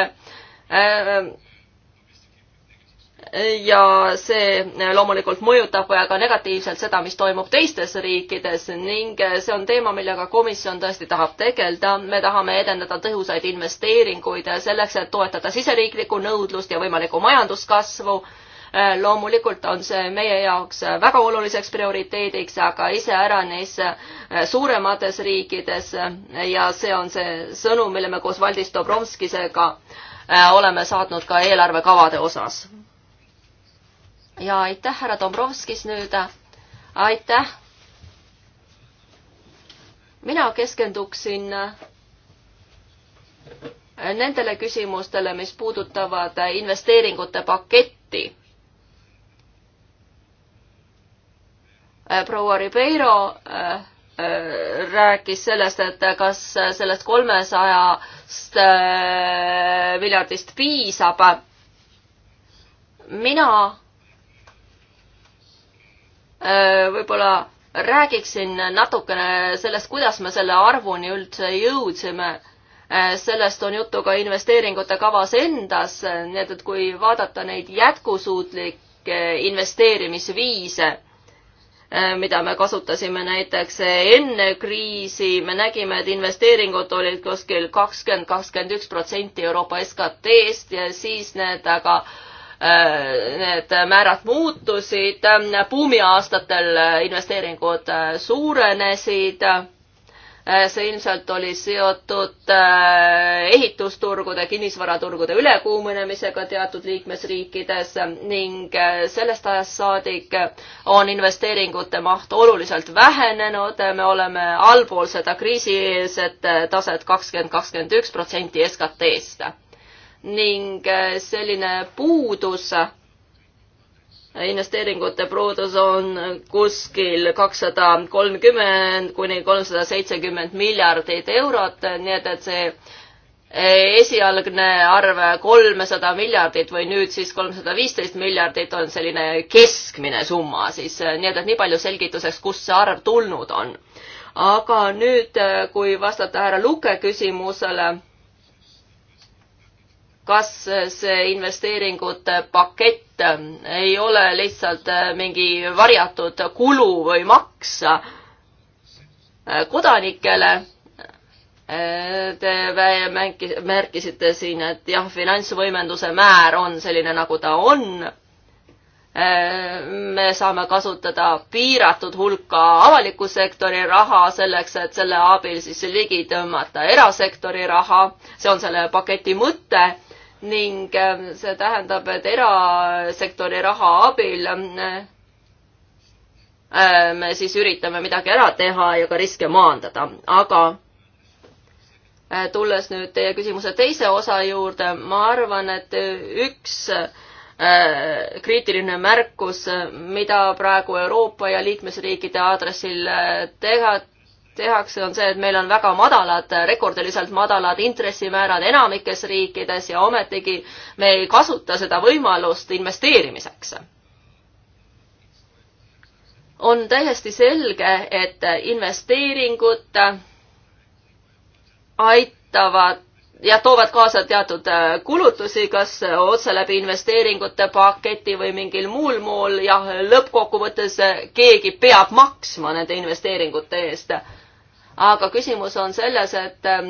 ja see loomulikult mõjutab ka negatiivselt seda, mis toimub teistes riikides ning see on teema, millega komisjon tõesti tahab tegeleda. me tahame edendada tõhusaid investeeringuid selleks, et toetada siseriiklikku nõudlust ja võimalikku majanduskasvu Äh, loomulikult on see meie jaoks äh, väga oluliseks prioriteediks, aga iseäranis äh, suuremates riikides ja see on see sõnum, mille me koos Valdis Dobromskisega oleme saatnud ka eelarvekavade osas. ja aitäh, härra Dobromskis nüüd, aitäh! mina keskenduksin nendele küsimustele, mis puudutavad investeeringute paketti. Äh, proua Ribeiro äh, äh, rääkis sellest, et kas sellest kolmesajast miljardist piisab. mina võib-olla räägiksin natukene sellest, kuidas me selle arvuni üldse jõudsime. sellest on juttu ka investeeringute kavas endas, nii et, et kui vaadata neid jätkusuutlikke investeerimisviise Äh, mida me kasutasime näiteks enne kriisi, me nägime, et investeeringud olid kuskil kakskümmend, kakskümmend üks protsenti Euroopa SKT-st ja siis need aga äh, need määrad muutusid, buumiaastatel investeeringud äh, suurenesid Äh, see ilmselt oli seotud äh, ehitusturgude, kinnisvaraturgude ülekuumenemisega teatud liikmesriikides ning äh, sellest ajast saadik on investeeringute maht oluliselt vähenenud, me oleme allpool seda kriisieelset taset kakskümmend, kakskümmend üks protsenti SKT-st. ning selline puudus investeeringute puudus on kuskil kakssada kolmkümmend kuni kolmsada seitsekümmend miljardit eurot, nii et, et see esialgne arv kolmesada miljardit või nüüd siis kolmsada viisteist miljardit on selline keskmine summa siis, nii et, et nii palju selgituseks, kust see arv tulnud on. aga nüüd, kui vastata härra Luke küsimusele kas see investeeringute pakett ei ole lihtsalt mingi varjatud kulu või maks kodanikele. Te märkisite siin, et jah, finantsvõimenduse määr on selline, nagu ta on. me saame kasutada piiratud hulka avaliku sektori raha selleks, et selle abil siis ligi tõmmata erasektori raha. see on selle paketi mõte ning ähm, see tähendab, et erasektori raha abil äh, me siis üritame midagi ära teha ja ka riske maandada, aga äh, tulles nüüd teie küsimuse teise osa juurde, ma arvan, et üks äh, kriitiline märkus, mida praegu Euroopa ja liikmesriikide aadressil teha, tehakse, on see, et meil on väga madalad, rekordiliselt madalad intressimäärad enamikes riikides ja ometigi me ei kasuta seda võimalust investeerimiseks. on täiesti selge, et investeeringud aitavad ja toovad kaasa teatud kulutusi, kas otse läbi investeeringute paketi või mingil muul mool ja lõppkokkuvõttes keegi peab maksma nende investeeringute eest aga küsimus on selles, et ähm,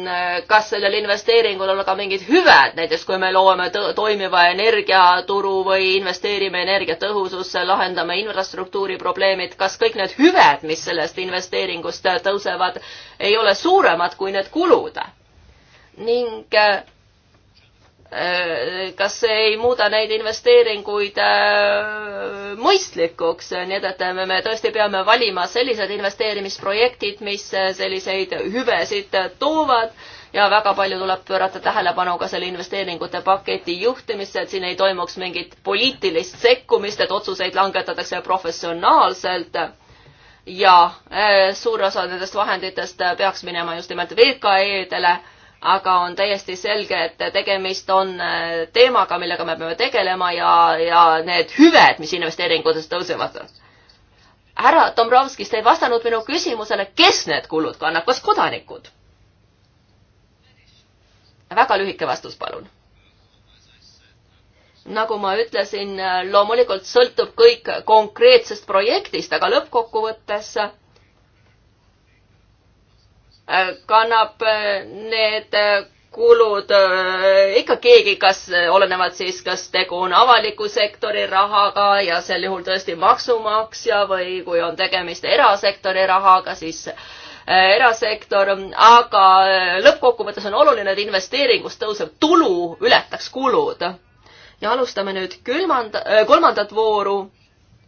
kas sellel investeeringul on ka mingid hüved, näiteks kui me loome toimiva energiaturu või investeerime energiatõhususse, lahendame infrastruktuuri probleemid, kas kõik need hüved, mis sellest investeeringust tõusevad, ei ole suuremad kui need kulud? ning äh, Äh, kas see ei muuda neid investeeringuid äh, mõistlikuks, nii et, et äh, me tõesti peame valima sellised investeerimisprojektid, mis selliseid hüvesid toovad ja väga palju tuleb pöörata tähelepanu ka selle investeeringute paketi juhtimisse, et siin ei toimuks mingit poliitilist sekkumist, et otsuseid langetatakse professionaalselt ja suur osa nendest vahenditest peaks minema just nimelt VKE-dele aga on täiesti selge, et tegemist on äh, teemaga, millega me peame tegelema ja, ja need hüved, mis investeeringutest tõusevad. härra Dombrovskis, te ei vastanud minu küsimusele, kes need kulud kannab, kas kodanikud? väga lühike vastus, palun. nagu ma ütlesin, loomulikult sõltub kõik konkreetsest projektist, aga lõppkokkuvõttes kannab äh, need äh, kulud äh, ikka keegi, kas, olenevad siis, kas tegu on avaliku sektori rahaga ja sel juhul tõesti maksumaksja või kui on tegemist erasektori rahaga, siis erasektor, aga lõppkokkuvõttes on oluline, et investeeringust tõusev tulu ületaks kulud. ja alustame nüüd külmanda, kolmandat vooru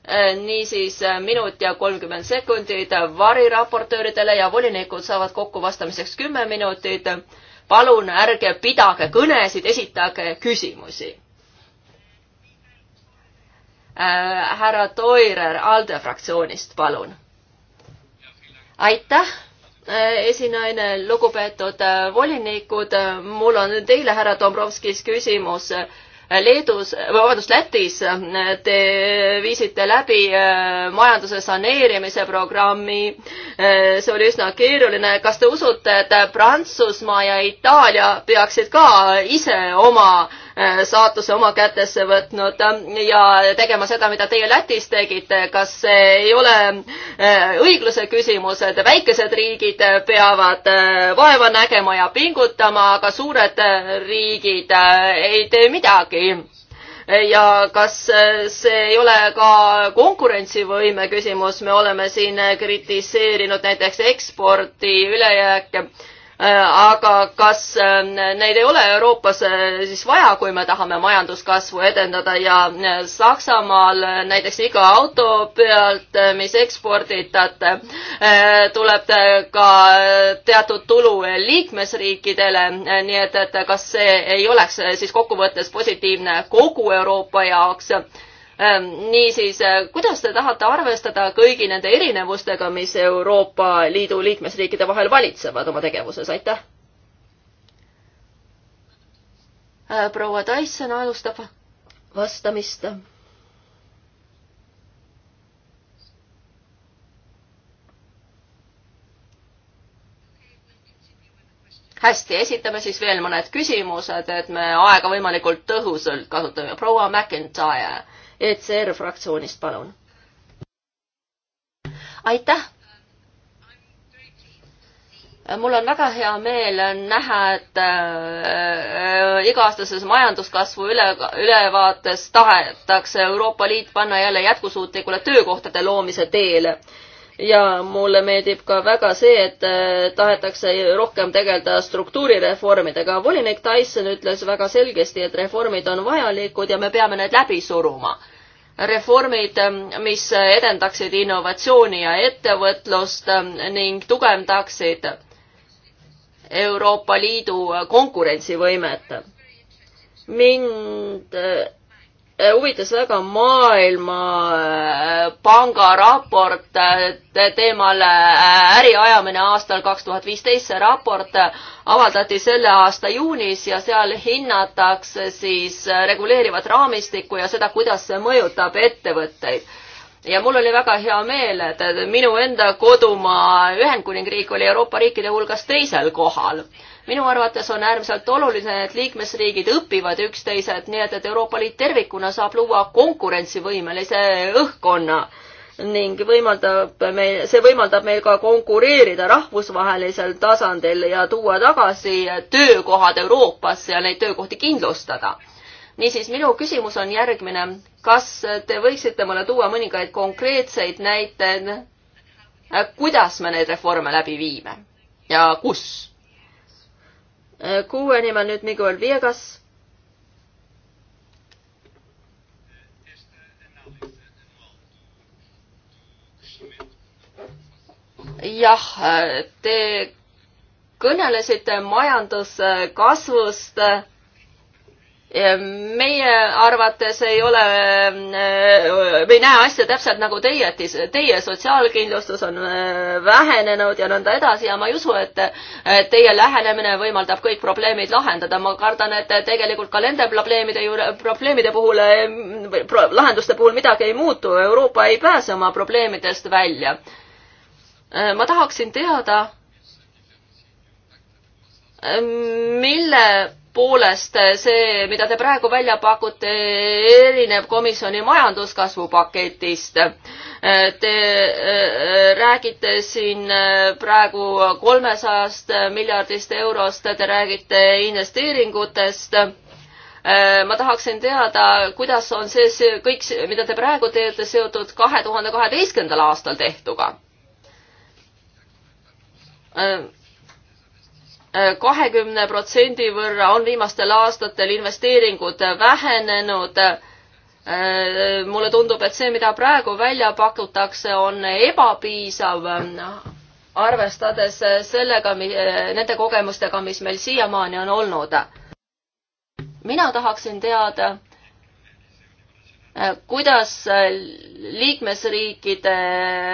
Äh, niisiis äh, minut ja kolmkümmend sekundit äh, variraportööridele ja volinikud saavad kokku vastamiseks kümme minutit. palun ärge pidage kõnesid, esitage küsimusi. härra Toirer ALDE fraktsioonist, palun. aitäh esinaine, lugupeetud volinikud, mul on teile, härra Dombrovskis, küsimus Leedus, vabandust, Lätis te viisite läbi äh, majanduse saneerimise programmi. Äh, see oli üsna keeruline. kas te usute, et Prantsusmaa ja Itaalia peaksid ka ise oma saatuse oma kätesse võtnud ja tegema seda, mida teie Lätis tegite, kas see ei ole äh, õigluse küsimus, et väikesed riigid peavad äh, vaeva nägema ja pingutama, aga suured äh, riigid ei tee midagi? ja kas see ei ole ka konkurentsivõime küsimus, me oleme siin kritiseerinud näiteks ekspordi ülejääke Äh, aga kas ähm, neid ei ole Euroopas äh, siis vaja, kui me tahame majanduskasvu edendada ja äh, Saksamaal näiteks iga auto pealt, mis eksporditate, tuleb ka teatud tulu liikmesriikidele, nii et, et kas see ei oleks siis kokkuvõttes positiivne kogu Euroopa jaoks Ähm, niisiis, äh, kuidas te tahate arvestada kõigi nende erinevustega, mis Euroopa Liidu liikmesriikide vahel valitsevad oma tegevuses, aitäh! Äh, proua Tyson alustab vastamist. hästi, esitame siis veel mõned küsimused, et me aega võimalikult tõhusalt kasutame. proua McIntyre ECR fraktsioonist, palun. aitäh. mul on väga hea meel näha, et äh, iga-aastases majanduskasvu üle, ülevaates tahetakse Euroopa Liit panna jälle jätkusuutlikule töökohtade loomise teele ja mulle meeldib ka väga see, et äh, tahetakse rohkem tegeleda struktuurireformidega. volinik Tyson ütles väga selgesti, et reformid on vajalikud ja me peame need läbi suruma reformid, mis edendaksid innovatsiooni ja ettevõtlust ähm, ning tugevdaksid Euroopa Liidu konkurentsivõimet. mind äh, huvitas väga Maailmapanga äh, raport äh, teemal äh, äriajamine aastal kaks tuhat viisteist. see raport avaldati selle aasta juunis ja seal hinnatakse siis reguleerivat raamistikku ja seda, kuidas see mõjutab ettevõtteid ja mul oli väga hea meel, et minu enda kodumaa Ühendkuningriik oli Euroopa riikide hulgas teisel kohal minu arvates on äärmiselt oluline, et liikmesriigid õpivad üksteiselt, nii et, et Euroopa Liit tervikuna saab luua konkurentsivõimelise õhkkonna ning võimaldab meil, see võimaldab meil ka konkureerida rahvusvahelisel tasandil ja tuua tagasi töökohad Euroopasse ja neid töökohti kindlustada. niisiis, minu küsimus on järgmine. kas te võiksite mulle tuua mõningaid konkreetseid näiteid, kuidas me neid reforme läbi viime ja kus? kuue nimel nüüd Miguel Viegas. jah, te kõnelesite majanduskasvust meie arvates ei ole, eh, me ei näe asja täpselt nagu teie, et teie sotsiaalkindlustus on eh, vähenenud ja nõnda edasi ja ma ei usu, et teie lähenemine võimaldab kõik probleemid lahendada. ma kardan, et tegelikult ka nende probleemide juure, probleemide puhul, eh, lahenduste puhul midagi ei muutu. Euroopa ei pääse oma probleemidest välja. ma tahaksin teada, mille tõepoolest see, mida te praegu välja pakute, erineb komisjoni majanduskasvu paketist. Te äh, räägite siin äh, praegu kolmesajast miljardist eurost, te räägite investeeringutest. Äh, ma tahaksin teada, kuidas on see, see kõik, mida te praegu teete, seotud kahe tuhande kaheteistkümnendal aastal tehtuga? kahekümne protsendi võrra on viimastel aastatel investeeringud vähenenud. mulle tundub, et see, mida praegu välja pakutakse, on ebapiisav, arvestades sellega, nende kogemustega, mis meil siiamaani on olnud. mina tahaksin teada Äh, kuidas äh, liikmesriikide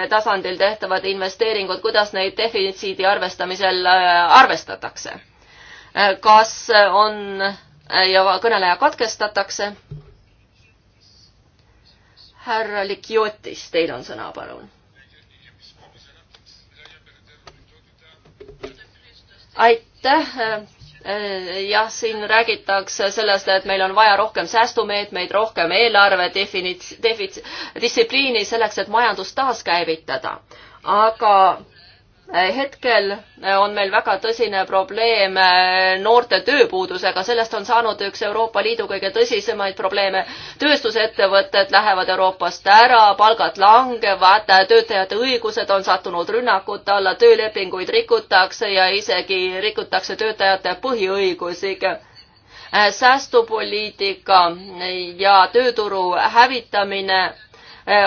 tasandil tehtavad investeeringud, kuidas neid defitsiidi arvestamisel äh, arvestatakse? kas on ja kõneleja katkestatakse? härra Likiotis, teil on sõna, palun. aitäh Äh, jah, siin räägitakse sellest, et meil on vaja rohkem säästumeetmeid, rohkem eelarve definits-, defits-, distsipliini selleks, et majandust taaskäivitada. aga Eh, hetkel eh, on meil väga tõsine probleem eh, noorte tööpuudusega, sellest on saanud üks Euroopa Liidu kõige tõsisemaid probleeme. tööstusettevõtted lähevad Euroopast ära, palgad langevad, töötajate õigused on sattunud rünnakute alla, töölepinguid rikutakse ja isegi rikutakse töötajate põhiõigusi säästupoliitika ja tööturu hävitamine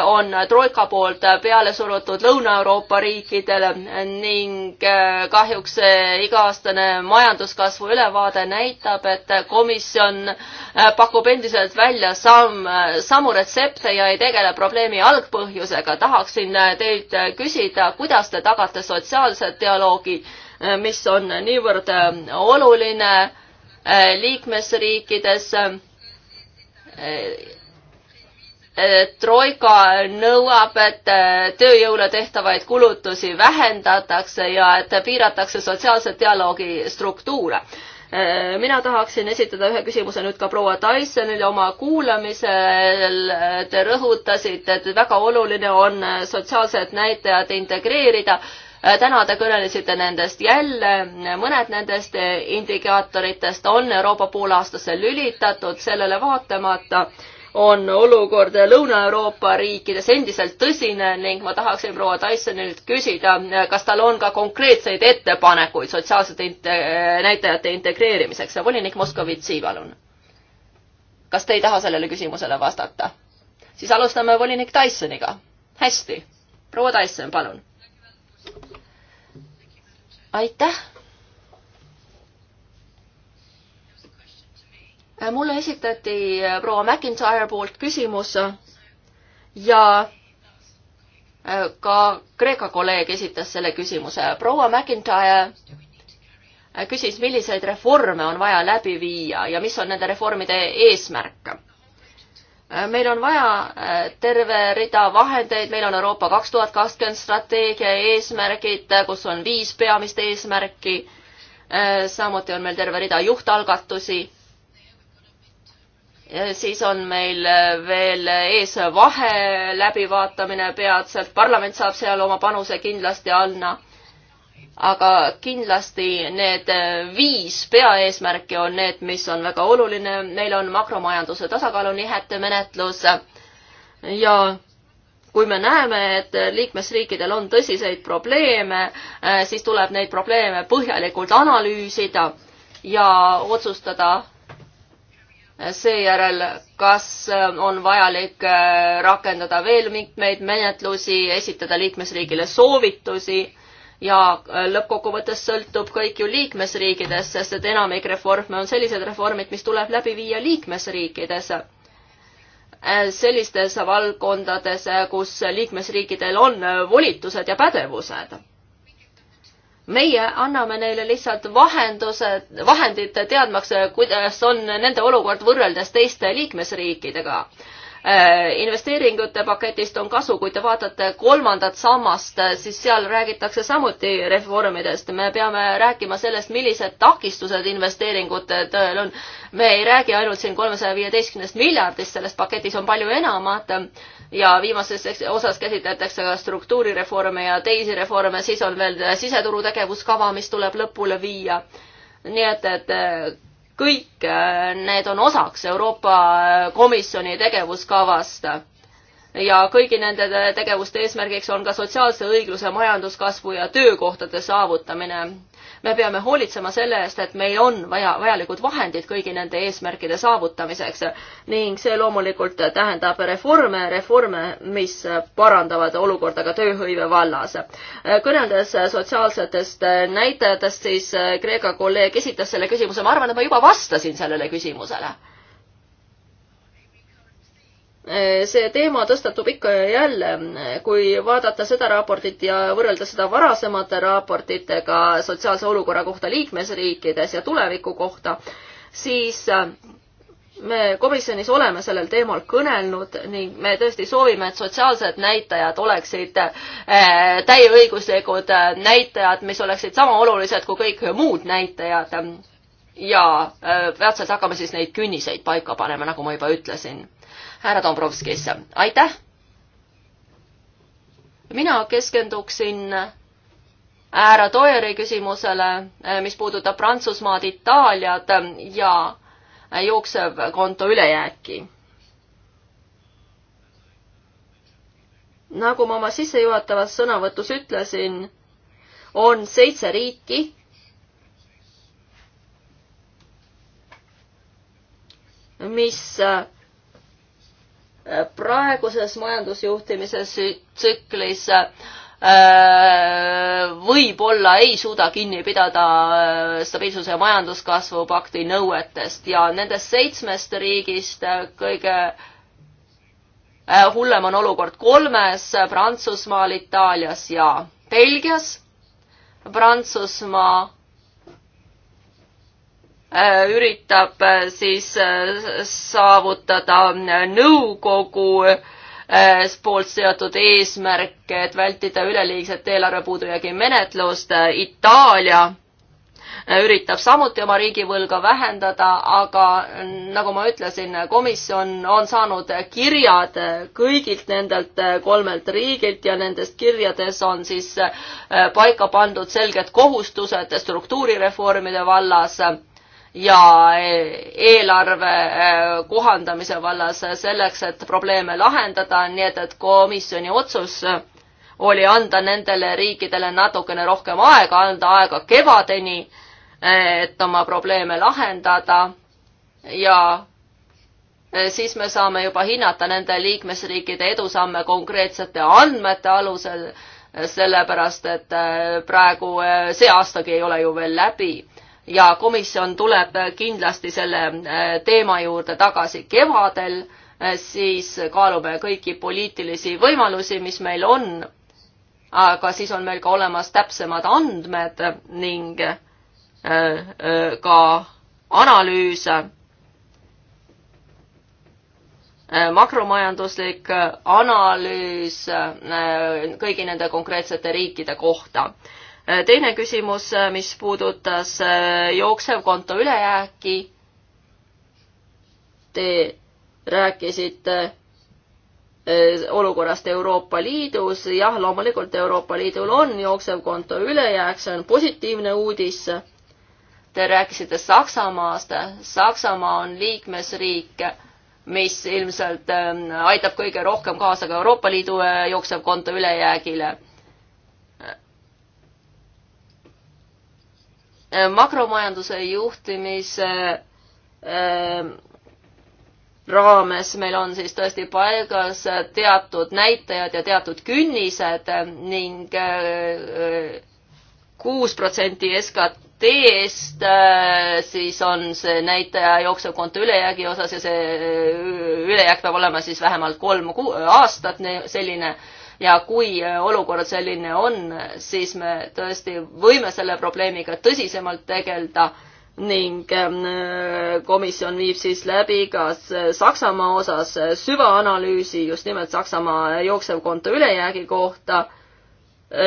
on Troika poolt peale surutud Lõuna-Euroopa riikidele ning äh, kahjuks iga-aastane majanduskasvu ülevaade näitab, et komisjon äh, pakub endiselt välja samm, samu retsepte ja ei tegele probleemi algpõhjusega. tahaksin äh, teilt küsida, kuidas te tagate sotsiaalse dialoogi, mis on niivõrd oluline liikmesriikides Eh, troika nõuab, et eh, tööjõule tehtavaid kulutusi vähendatakse ja et piiratakse sotsiaalse dialoogi struktuure. Eh, mina tahaksin esitada ühe küsimuse nüüd ka proua Tysonile oma kuulamisel. Te rõhutasite, et väga oluline on sotsiaalsed näitajad integreerida täna te kõnelesite nendest jälle, mõned nendest indikaatoritest on Euroopa poolaastasse lülitatud, sellele vaatamata äh, on olukord Lõuna-Euroopa riikides endiselt tõsine ning ma tahaksin proua Tysonilt küsida, kas tal on ka konkreetseid ettepanekuid sotsiaalsete inte näitajate integreerimiseks ja volinik Moskovitši, palun. kas te ei taha sellele küsimusele vastata? siis alustame volinik Tysoniga. hästi, proua Tyson, palun. aitäh Äh, mulle esitati äh, proua McIntyre poolt küsimus ja äh, ka Kreeka kolleeg esitas selle küsimuse. proua McIntyre küsis, milliseid reforme on vaja läbi viia ja mis on nende reformide eesmärk. meil on vaja terve rida vahendeid, meil on Euroopa kaks tuhat kakskümmend strateegia eesmärgid, kus on viis peamist eesmärki. samuti on meil terve rida juhtalgatusi Eh, siis on meil eh, veel ees vahe läbivaatamine peatselt, parlament saab seal oma panuse kindlasti anna. aga kindlasti need eh, viis peaeesmärki on need, mis on väga oluline, meil on makromajanduse tasakaalu nihete menetlus ja kui me näeme, et liikmesriikidel on tõsiseid probleeme, siis tuleb neid probleeme põhjalikult analüüsida ja otsustada, seejärel, kas äh, on vajalik äh, rakendada veel mitmeid menetlusi, esitada liikmesriigile soovitusi ja äh, lõppkokkuvõttes sõltub kõik ju liikmesriikidest, sest et enamik reforme on sellised reformid, mis tuleb läbi viia liikmesriikides. sellistes valdkondades, kus liikmesriikidel on volitused ja pädevused meie anname neile lihtsalt vahendused, vahendid teadmaks, kuidas on nende olukord võrreldes teiste liikmesriikidega. Äh, investeeringute paketist on kasu, kui te vaatate kolmandat sammast, äh, siis seal räägitakse samuti reformidest. me peame rääkima sellest, millised takistused investeeringute tõel on. me ei räägi ainult siin kolmesaja viieteistkümnest miljardist, selles paketis on palju enamat ja viimases osas käsitletakse ka struktuurireforme ja teisi reforme, siis on veel siseturu tegevuskava, mis tuleb lõpule viia. nii et, et kõik need on osaks Euroopa Komisjoni tegevuskavast ja kõigi nende tegevuste eesmärgiks on ka sotsiaalse õigluse, majanduskasvu ja töökohtade saavutamine me peame hoolitsema selle eest, et meil on vaja, vajalikud vahendid kõigi nende eesmärkide saavutamiseks ning see loomulikult tähendab reforme, reforme, mis parandavad olukorda ka tööhõive vallas. kõneldes sotsiaalsetest näitajatest, siis Kreeka kolleeg esitas selle küsimuse, ma arvan, et ma juba vastasin sellele küsimusele see teema tõstatub ikka ja jälle, kui vaadata seda raportit ja võrrelda seda varasemate raportitega sotsiaalse olukorra kohta liikmesriikides ja tuleviku kohta, siis äh, me komisjonis oleme sellel teemal kõnelnud ning me tõesti soovime, et sotsiaalsed näitajad oleksid äh, täieõiguslikud äh, näitajad, mis oleksid sama olulised kui kõik muud näitajad. ja peatselt hakkame siis neid künniseid paika panema, nagu ma juba ütlesin härra Dombrovskis, aitäh! mina keskenduksin härra Toeri küsimusele, eh, mis puudutab Prantsusmaad, Itaaliat eh, ja eh, jooksev konto ülejääki. nagu ma oma sissejuhatavas sõnavõtus ütlesin, on seitse riiki, mis praeguses majandusjuhtimise tsüklis äh, võib-olla ei suuda kinni pidada äh, stabiilsuse ja majanduskasvu pakti nõuetest ja nendest seitsmest riigist äh, kõige hullem on olukord kolmes Prantsusmaal, Itaalias ja Belgias. Prantsusmaa Äh, üritab äh, siis äh, saavutada nõukogu poolt seatud eesmärk, et vältida üleliigset eelarve puudujäägi menetlust. Itaalia üritab samuti oma riigivõlga vähendada, aga nagu ma ütlesin, komisjon on saanud kirjad kõigilt nendelt kolmelt riigilt ja nendes kirjades on siis paika pandud selged kohustused struktuurireformide vallas ja eelarve eh, kohandamise vallas selleks, et probleeme lahendada, nii et, et komisjoni otsus oli anda nendele riikidele natukene rohkem aega, anda aega kevadeni, eh, et oma probleeme lahendada ja eh, siis me saame juba hinnata nende liikmesriikide edusamme konkreetsete andmete alusel, sellepärast et praegu see aastagi ei ole ju veel läbi ja komisjon tuleb kindlasti selle äh, teema juurde tagasi kevadel, äh, siis kaalume kõiki poliitilisi võimalusi, mis meil on. aga siis on meil ka olemas täpsemad andmed ning äh, ka analüüs. makromajanduslik analüüs kõigi nende konkreetsete riikide kohta Äh, teine küsimus, äh, mis puudutas äh, jooksevkonto ülejääki. Te rääkisite olukorrast Euroopa Liidus, jah, loomulikult Euroopa Liidul on jooksevkonto ülejääk, see on positiivne uudis. Te rääkisite Saksamaast, Saksamaa on liikmesriik, mis ilmselt ähm, aitab kõige rohkem kaasa ka Euroopa Liidu jooksevkonto ülejäägile Äh, makromajanduse juhtimise äh, raames meil on siis tõesti paigas teatud näitajad ja teatud künnised ning äh, kuus protsenti SKT-st, siis on see näitaja jooksevkonto ülejäägi osas ja see ülejääk peab olema siis vähemalt kolm aastat, selline ja kui äh, olukord selline on, siis me tõesti võime selle probleemiga tõsisemalt tegeleda ning ähm, äh, komisjon viib siis läbi ka äh, Saksamaa osas süvaanalüüsi just nimelt Saksamaa jooksevkonto ülejäägi kohta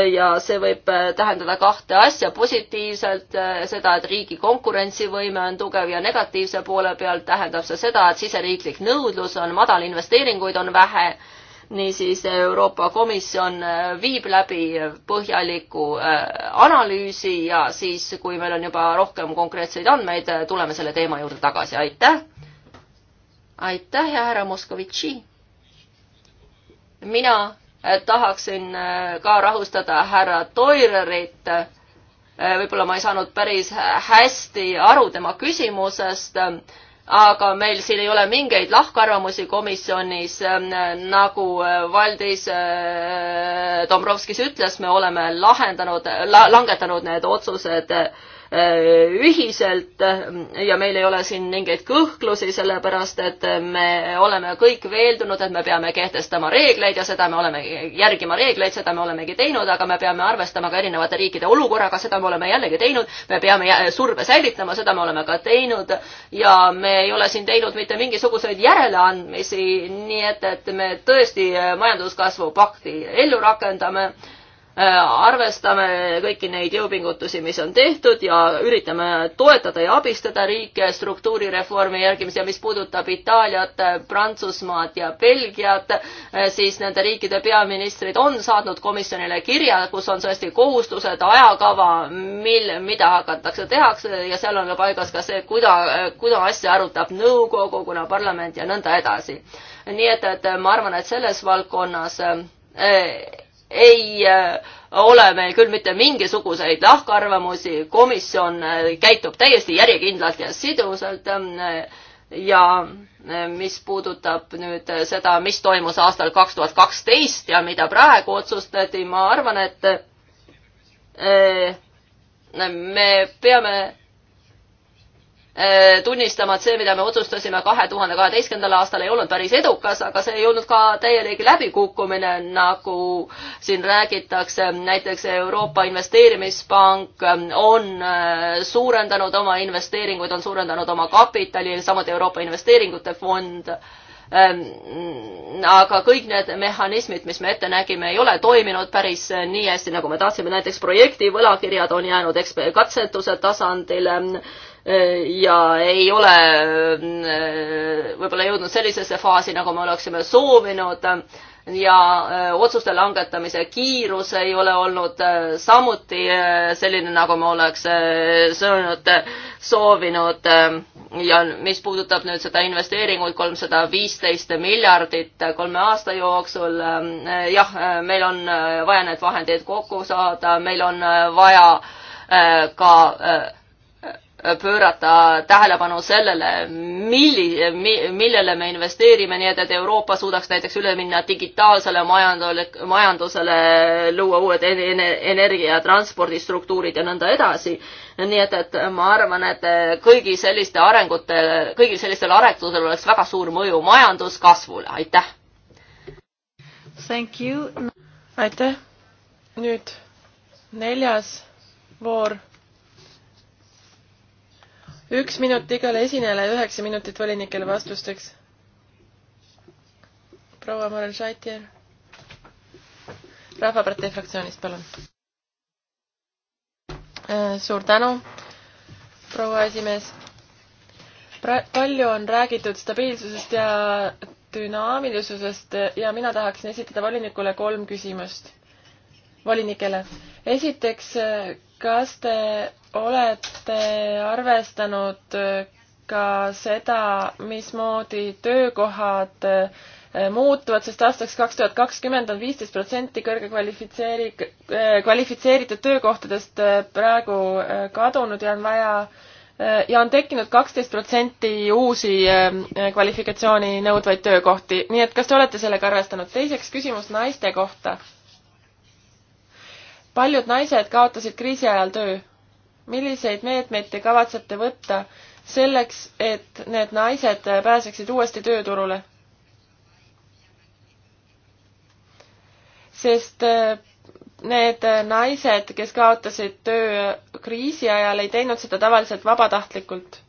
ja see võib tähendada kahte asja, positiivselt seda, et riigi konkurentsivõime on tugev ja negatiivse poole pealt tähendab see seda, et siseriiklik nõudlus on madal, investeeringuid on vähe niisiis Euroopa Komisjon äh, viib läbi põhjaliku äh, analüüsi ja siis, kui meil on juba rohkem konkreetseid andmeid, äh, tuleme selle teema juurde tagasi, aitäh. aitäh ja härra Moskovitši. mina tahaksin ka rahustada härra Toilerit. võib-olla ma ei saanud päris hästi aru tema küsimusest aga meil siin ei ole mingeid lahkarvamusi komisjonis, ähm, nagu äh, Valdis äh, Dombrovskis ütles, me oleme lahendanud la,, langetanud need otsused äh, Äh, ühiselt äh, ja meil ei ole siin mingeid kõhklusi, sellepärast et äh, me oleme kõik veendunud, et me peame kehtestama reegleid ja seda me oleme, järgima reegleid, seda me olemegi teinud, aga me peame arvestama ka erinevate riikide olukorraga, seda me oleme jällegi teinud, me peame surve säilitama, seda me oleme ka teinud ja me ei ole siin teinud mitte mingisuguseid järeleandmisi, nii et, et me tõesti majanduskasvu pakti ellu rakendame Äh, arvestame kõiki neid jõupingutusi, mis on tehtud ja üritame toetada ja abistada riike struktuurireformi järgimisel, mis puudutab Itaaliat, Prantsusmaad ja Belgiat, äh, siis nende riikide peaministrid on saatnud komisjonile kirja, kus on tõesti kohustused, ajakava, mil, mida hakatakse tehakse ja seal on ka paigas ka see, kuida-, kuida asja arutab nõukogu, kuna parlament ja nõnda edasi. nii et, et ma arvan, et selles valdkonnas äh, ei äh, ole meil küll mitte mingisuguseid lahkarvamusi, komisjon äh, käitub täiesti järjekindlalt ja sidusalt äh, ja mis puudutab nüüd seda, mis toimus aastal kaks tuhat kaksteist ja mida praegu otsustati, ma arvan, et me peame Äh, tunnistama, et see, mida me otsustasime kahe tuhande kaheteistkümnendal aastal, ei olnud päris edukas, aga see ei olnud ka täielik läbikukkumine, nagu siin räägitakse. näiteks Euroopa Investeerimispank ähm, on äh, suurendanud oma investeeringuid, on suurendanud oma kapitali, samuti Euroopa Investeeringute Fond ähm, aga kõik need mehhanismid, mis me ette nägime, ei ole toiminud päris äh, nii hästi, nagu me tahtsime, näiteks projekti võlakirjad on jäänud katsetuse tasandile, ja ei ole äh, võib-olla jõudnud sellisesse faasi, nagu me oleksime soovinud ja äh, otsuste langetamise kiirus ei ole olnud äh, samuti selline, nagu me oleks söönud, soovinud ja mis puudutab nüüd seda investeeringut, kolmsada viisteist miljardit kolme aasta jooksul, jah, meil on vaja need vahendid kokku saada, meil on vaja ka pöörata tähelepanu sellele, milli-, millele me investeerime, nii et, et Euroopa suudaks näiteks üle minna digitaalsele majandusele, majandusele, luua uued energia- ja transpordistruktuurid ja nõnda edasi. nii et, et ma arvan, et kõigi selliste arengute, kõigil sellistel arengutel oleks väga suur mõju majanduskasvule, aitäh! aitäh! nüüd neljas voor üks minut igale esinejale ja üheksa minutit volinikele vastusteks. proua Marel Šaitjer, Rahvapartei fraktsioonist, palun. Äh, suur tänu, proua esimees. palju on räägitud stabiilsusest ja dünaamilisusest ja mina tahaksin esitada volinikule kolm küsimust, volinikele. esiteks, äh, kas te olete arvestanud äh, ka seda, mismoodi töökohad äh, muutuvad, sest aastaks kaks tuhat kakskümmend on viisteist protsenti kõrge kvalifitseeri-, äh, kvalifitseeritud töökohtadest praegu kadunud ja on vaja ja on tekkinud kaksteist protsenti uusi kvalifikatsiooni nõudvaid töökohti, nii et kas te olete sellega arvestanud? teiseks küsimus naiste kohta paljud naised kaotasid kriisi ajal töö. milliseid meetmeid te kavatsete võtta selleks, et need naised pääseksid uuesti tööturule? sest äh, need naised, kes kaotasid töö kriisi ajal, ei teinud seda tavaliselt vabatahtlikult.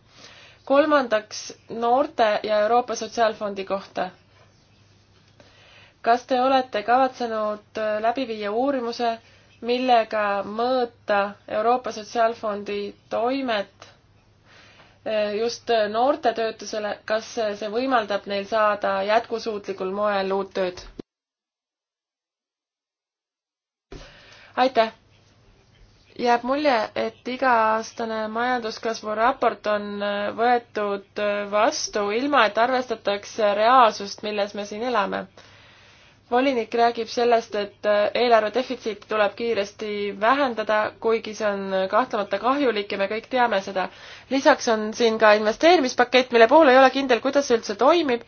kolmandaks noorte ja Euroopa Sotsiaalfondi kohta. kas te olete kavatsenud äh, läbi viia uurimuse, millega mõõta Euroopa Sotsiaalfondi toimet eh, just noorte töötusele, kas see võimaldab neil saada jätkusuutlikul moel uut tööd? aitäh! jääb mulje, et iga-aastane majanduskasvu raport on eh, võetud eh, vastu ilma, et arvestatakse reaalsust, milles me siin elame volinik räägib sellest, et äh, eelarve defitsiiti tuleb kiiresti vähendada, kuigi see on kahtlemata kahjulik ja me kõik teame seda. lisaks on siin ka investeerimispakett, mille puhul ei ole kindel, kuidas see üldse toimib.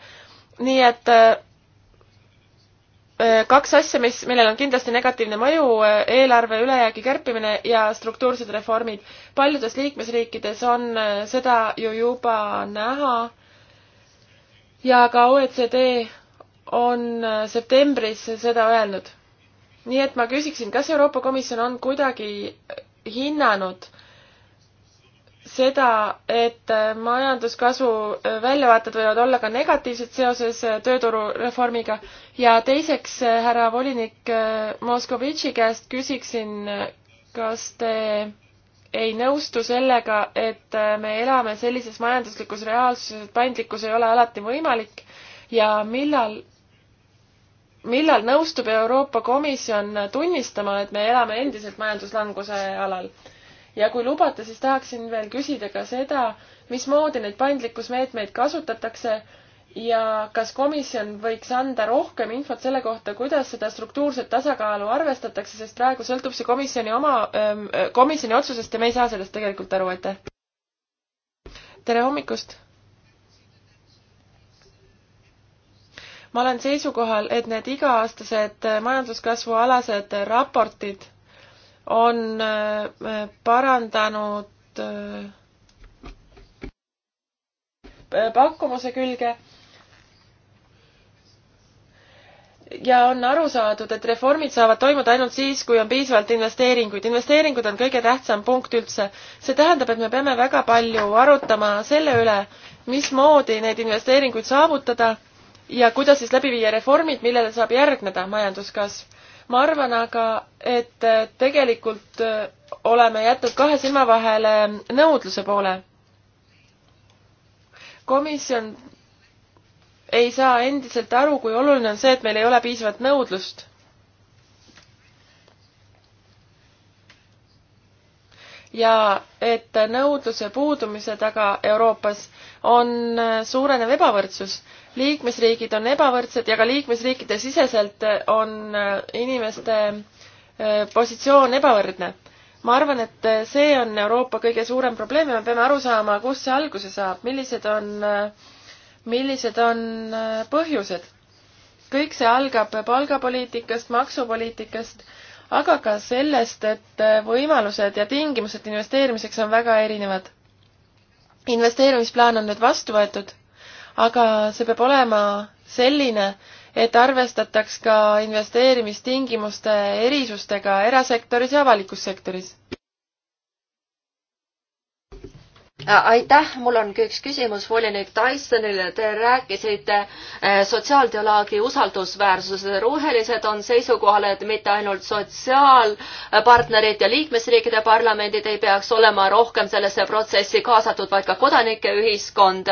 nii et äh, äh, kaks asja, mis, millel on kindlasti negatiivne mõju, eelarve ülejäägi kärpimine ja struktuursed reformid. paljudes liikmesriikides on seda ju juba näha ja ka OECD on äh, septembris seda öelnud. nii et ma küsiksin, kas Euroopa Komisjon on kuidagi hinnanud seda, et äh, majanduskasvu äh, väljavaated võivad olla ka negatiivsed seoses tööturureformiga ja teiseks härra volinik Moskovitši käest küsiksin, kas te ei nõustu sellega, et me elame sellises majanduslikus reaalsuses, et paindlikkus ei ole alati võimalik ja millal millal nõustub Euroopa Komisjon tunnistama, et me elame endiselt majanduslanguse alal? ja kui lubate, siis tahaksin veel küsida ka seda, mismoodi neid paindlikkusmeetmeid kasutatakse ja kas komisjon võiks anda rohkem infot selle kohta, kuidas seda struktuurset tasakaalu arvestatakse, sest praegu sõltub see komisjoni oma, komisjoni otsusest ja me ei saa sellest tegelikult aru, aitäh! tere hommikust! ma olen seisukohal, et need iga-aastased äh, majanduskasvu alased äh, raportid on äh, parandanud pakkumuse külge ja on aru saadud, et reformid saavad toimuda ainult siis, kui on piisavalt investeeringuid. investeeringud on kõige tähtsam punkt üldse. see tähendab, et me peame väga palju arutama selle üle, mismoodi neid investeeringuid saavutada ja kuidas siis läbi viia reformid, millele saab järgneda majanduskasv. ma arvan aga, et tegelikult äh, oleme jätnud kahe silma vahele nõudluse poole. komisjon ei saa endiselt aru, kui oluline on see, et meil ei ole piisavat nõudlust. ja et nõudluse puudumise taga Euroopas on suurenev ebavõrdsus liikmesriigid on ebavõrdsed ja ka liikmesriikide siseselt on äh, inimeste äh, positsioon ebavõrdne. ma arvan, et äh, see on Euroopa kõige suurem probleem ja me peame aru saama, kust see alguse saab, millised on, millised on põhjused. kõik see algab palgapoliitikast, maksupoliitikast, aga ka sellest, et võimalused ja tingimused investeerimiseks on väga erinevad. investeerimisplaan on nüüd vastu võetud aga see peab olema selline, et arvestataks ka investeerimistingimuste erisustega erasektoris ja avalikus sektoris. Äh, aitäh, mul on ka üks küsimus volinik Tysonile. Te rääkisite äh, sotsiaaldialoogi usaldusväärsuse. rohelised on seisukohal, et mitte ainult sotsiaalpartnerid ja liikmesriikide parlamendid ei peaks olema rohkem sellesse protsessi kaasatud, vaid ka kodanike ühiskond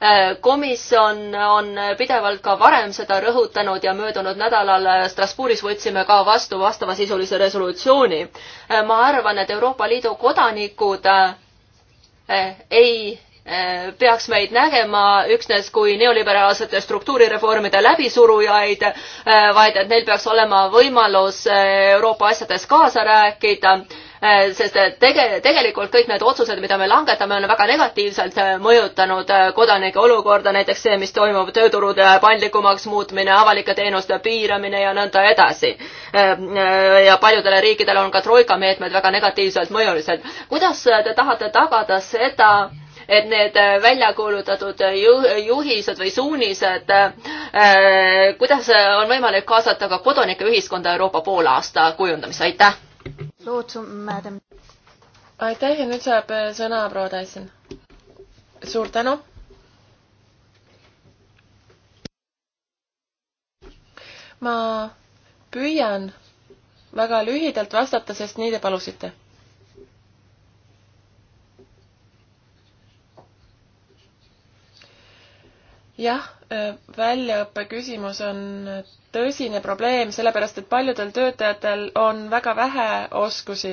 Äh, komisjon on pidevalt ka varem seda rõhutanud ja möödunud nädalal äh, Strasbourgis võtsime ka vastu vastavasisulise resolutsiooni. Äh, ma arvan, et Euroopa Liidu kodanikud ei peaks meid nägema üksnes kui neoliberaalsete struktuurireformide läbisurujaid, vaid et neil peaks olema võimalus Euroopa asjades kaasa rääkida Äh, sest tege-, tegelikult kõik need otsused, mida me langetame, on väga negatiivselt äh, mõjutanud äh, kodanike olukorda, näiteks see, mis toimub tööturude paindlikumaks muutmine, avalike teenuste piiramine ja nõnda edasi. ja paljudele riikidele on ka troika meetmed väga negatiivselt mõjulised. kuidas te tahate tagada seda, et need välja kuulutatud juhised või suunised, kuidas on võimalik kaasata ka kodanike ühiskonda Euroopa poolaasta kujundamisse, aitäh! Um, aitäh ja nüüd saab äh, sõna proua Tyson. suur tänu. ma püüan väga lühidalt vastata, sest nii te palusite. jah Äh, väljaõppe küsimus on tõsine probleem, sellepärast et paljudel töötajatel on väga vähe oskusi.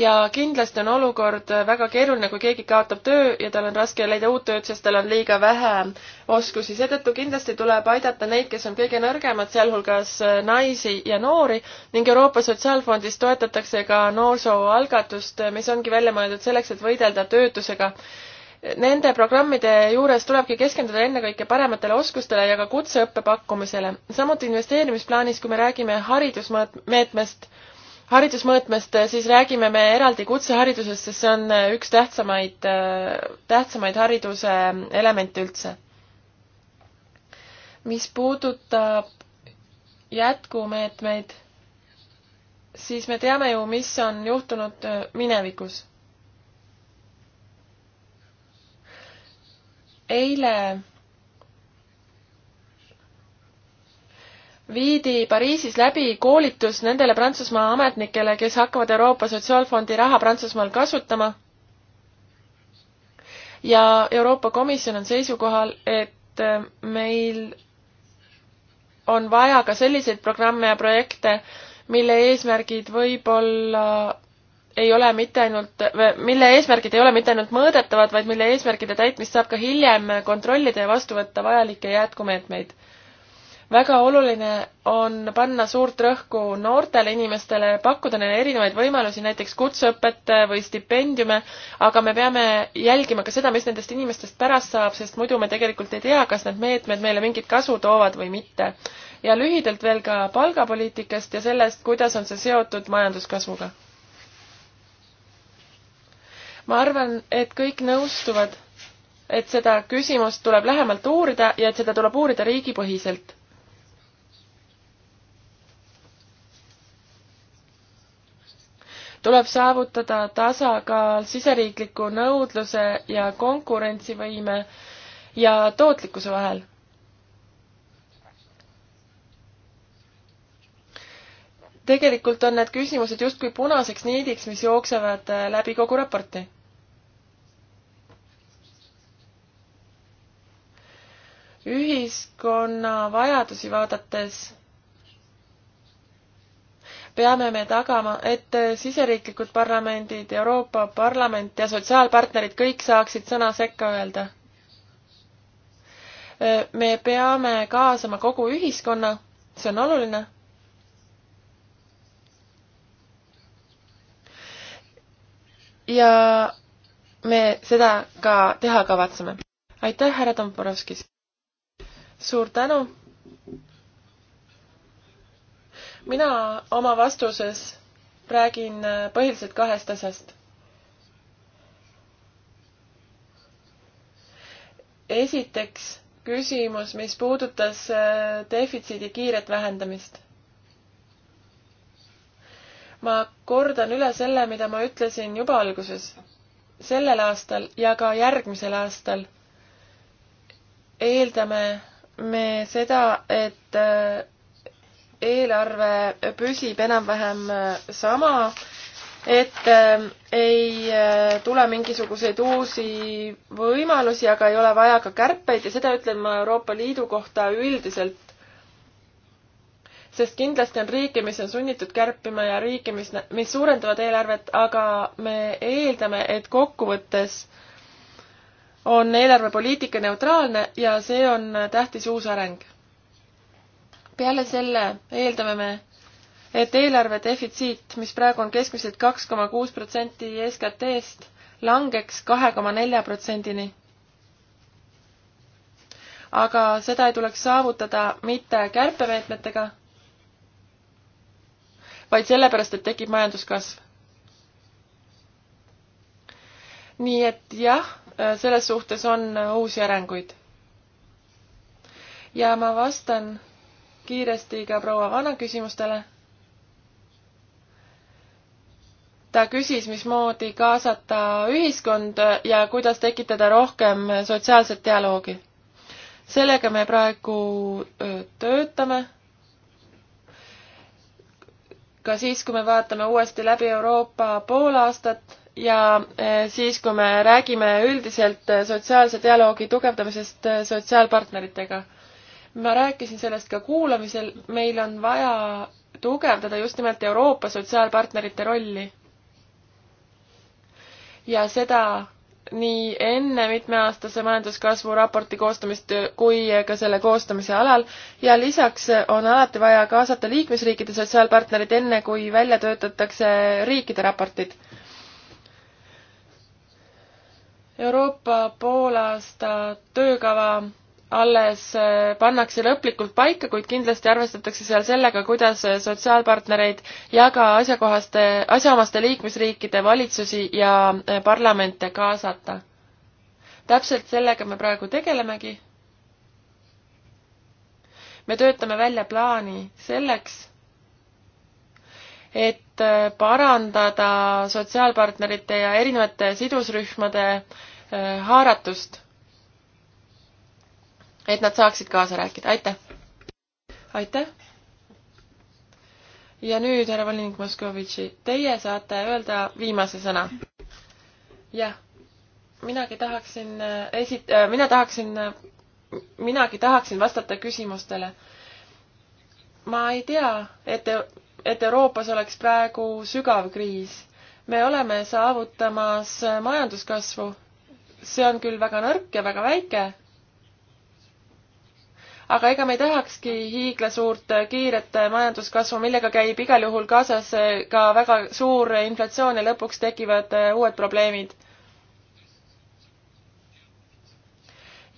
ja kindlasti on olukord väga keeruline, kui keegi kaotab töö ja tal on raske leida uut tööd, sest tal on liiga vähe oskusi. seetõttu kindlasti tuleb aidata neid, kes on kõige nõrgemad, sealhulgas naisi ja noori ning Euroopa Sotsiaalfondis toetatakse ka noorsooalgatust, mis ongi välja mõeldud selleks, et võidelda töötusega Nende programmide juures tulebki keskenduda ennekõike parematele oskustele ja ka kutseõppe pakkumisele. samuti investeerimisplaanis, kui me räägime haridusmeetmest, haridusmõõtmest, siis räägime me eraldi kutseharidusest, sest see on üks tähtsamaid, tähtsamaid hariduse elemente üldse. mis puudutab jätkumeetmeid, siis me teame ju, mis on juhtunud minevikus eile viidi Pariisis läbi koolitus nendele Prantsusmaa ametnikele, kes hakkavad Euroopa Sotsiaalfondi raha Prantsusmaal kasutama. ja Euroopa Komisjon on seisukohal, et äh, meil on vaja ka selliseid programme ja projekte, mille eesmärgid võib-olla ei ole mitte ainult, mille eesmärgid ei ole mitte ainult mõõdetavad, vaid mille eesmärgide täitmist saab ka hiljem kontrollida ja vastu võtta vajalikke jätkumeetmeid. väga oluline on panna suurt rõhku noortele inimestele, pakkuda neile erinevaid võimalusi, näiteks kutseõpet või stipendiume, aga me peame jälgima ka seda, mis nendest inimestest pärast saab, sest muidu me tegelikult ei tea, kas need meetmed meile mingit kasu toovad või mitte. ja lühidalt veel ka palgapoliitikast ja sellest, kuidas on see seotud majanduskasvuga ma arvan, et kõik nõustuvad, et seda küsimust tuleb lähemalt uurida ja et seda tuleb uurida riigipõhiselt. tuleb saavutada tasakaal siseriikliku nõudluse ja konkurentsivõime ja tootlikkuse vahel tegelikult on need küsimused justkui punaseks niidiks, mis jooksevad läbi kogu raporti. ühiskonna vajadusi vaadates peame me tagama, et siseriiklikud parlamendid, Euroopa Parlament ja sotsiaalpartnerid kõik saaksid sõna sekka öelda. me peame kaasama kogu ühiskonna, see on oluline. ja me seda ka teha kavatseme. aitäh, härra Tomporovskis! suur tänu. mina oma vastuses räägin äh, põhiliselt kahest asjast. esiteks küsimus, mis puudutas äh, defitsiidi kiiret vähendamist. ma kordan üle selle, mida ma ütlesin juba alguses. sellel aastal ja ka järgmisel aastal eeldame me seda, et äh, eelarve püsib enam-vähem äh, sama, et äh, ei tule mingisuguseid uusi võimalusi, aga ei ole vaja ka kärpeid ja seda ütlen ma Euroopa Liidu kohta üldiselt. sest kindlasti on riike, mis on sunnitud kärpima ja riike, mis, mis suurendavad eelarvet, aga me eeldame, et kokkuvõttes äh, on eelarvepoliitika neutraalne ja see on tähtis uus areng. peale selle eeldame me, et eelarve defitsiit, mis praegu on keskmiselt kaks koma kuus protsenti SKT-st, langeks kahe koma nelja protsendini. aga seda ei tuleks saavutada mitte kärpemeetmetega, vaid sellepärast, et tekib majanduskasv. nii et jah Äh, selles suhtes on äh, uusi arenguid. ja ma vastan kiiresti ka proua Vana küsimustele. ta küsis, mismoodi kaasata ühiskond ja kuidas tekitada rohkem sotsiaalset dialoogi. sellega me praegu töötame. ka siis, kui me vaatame uuesti läbi Euroopa poolaastat ja e, siis, kui me räägime üldiselt e, sotsiaalse dialoogi tugevdamisest e, sotsiaalpartneritega. ma rääkisin sellest ka kuulamisel, meil on vaja tugevdada just nimelt Euroopa sotsiaalpartnerite rolli. ja seda nii enne mitmeaastase majanduskasvu raporti koostamist kui ka selle koostamise alal ja lisaks on alati vaja kaasata liikmesriikide sotsiaalpartnerid enne, kui välja töötatakse riikide raportid Euroopa poolaasta töökava alles äh, pannakse lõplikult paika, kuid kindlasti arvestatakse seal sellega, kuidas äh, sotsiaalpartnereid ja ka asjakohaste, asjaomaste liikmesriikide valitsusi ja äh, parlamente kaasata. täpselt sellega me praegu tegelemegi. me töötame välja plaani selleks, et parandada sotsiaalpartnerite ja erinevate sidusrühmade äh, Äh, haaratust, et nad saaksid kaasa rääkida, aitäh! aitäh! ja nüüd, härra volinik Moskovitši, teie saate öelda viimase sõna. jah, minagi tahaksin äh, esit-, äh, mina tahaksin, minagi tahaksin vastata küsimustele. ma ei tea, et, e-, et Euroopas oleks praegu sügav kriis. me oleme saavutamas majanduskasvu see on küll väga nõrk ja väga väike, aga ega me ei tahakski hiiglasuurt kiiret majanduskasvu, millega käib igal juhul kaasas ka väga suur inflatsioon ja lõpuks tekivad uued probleemid.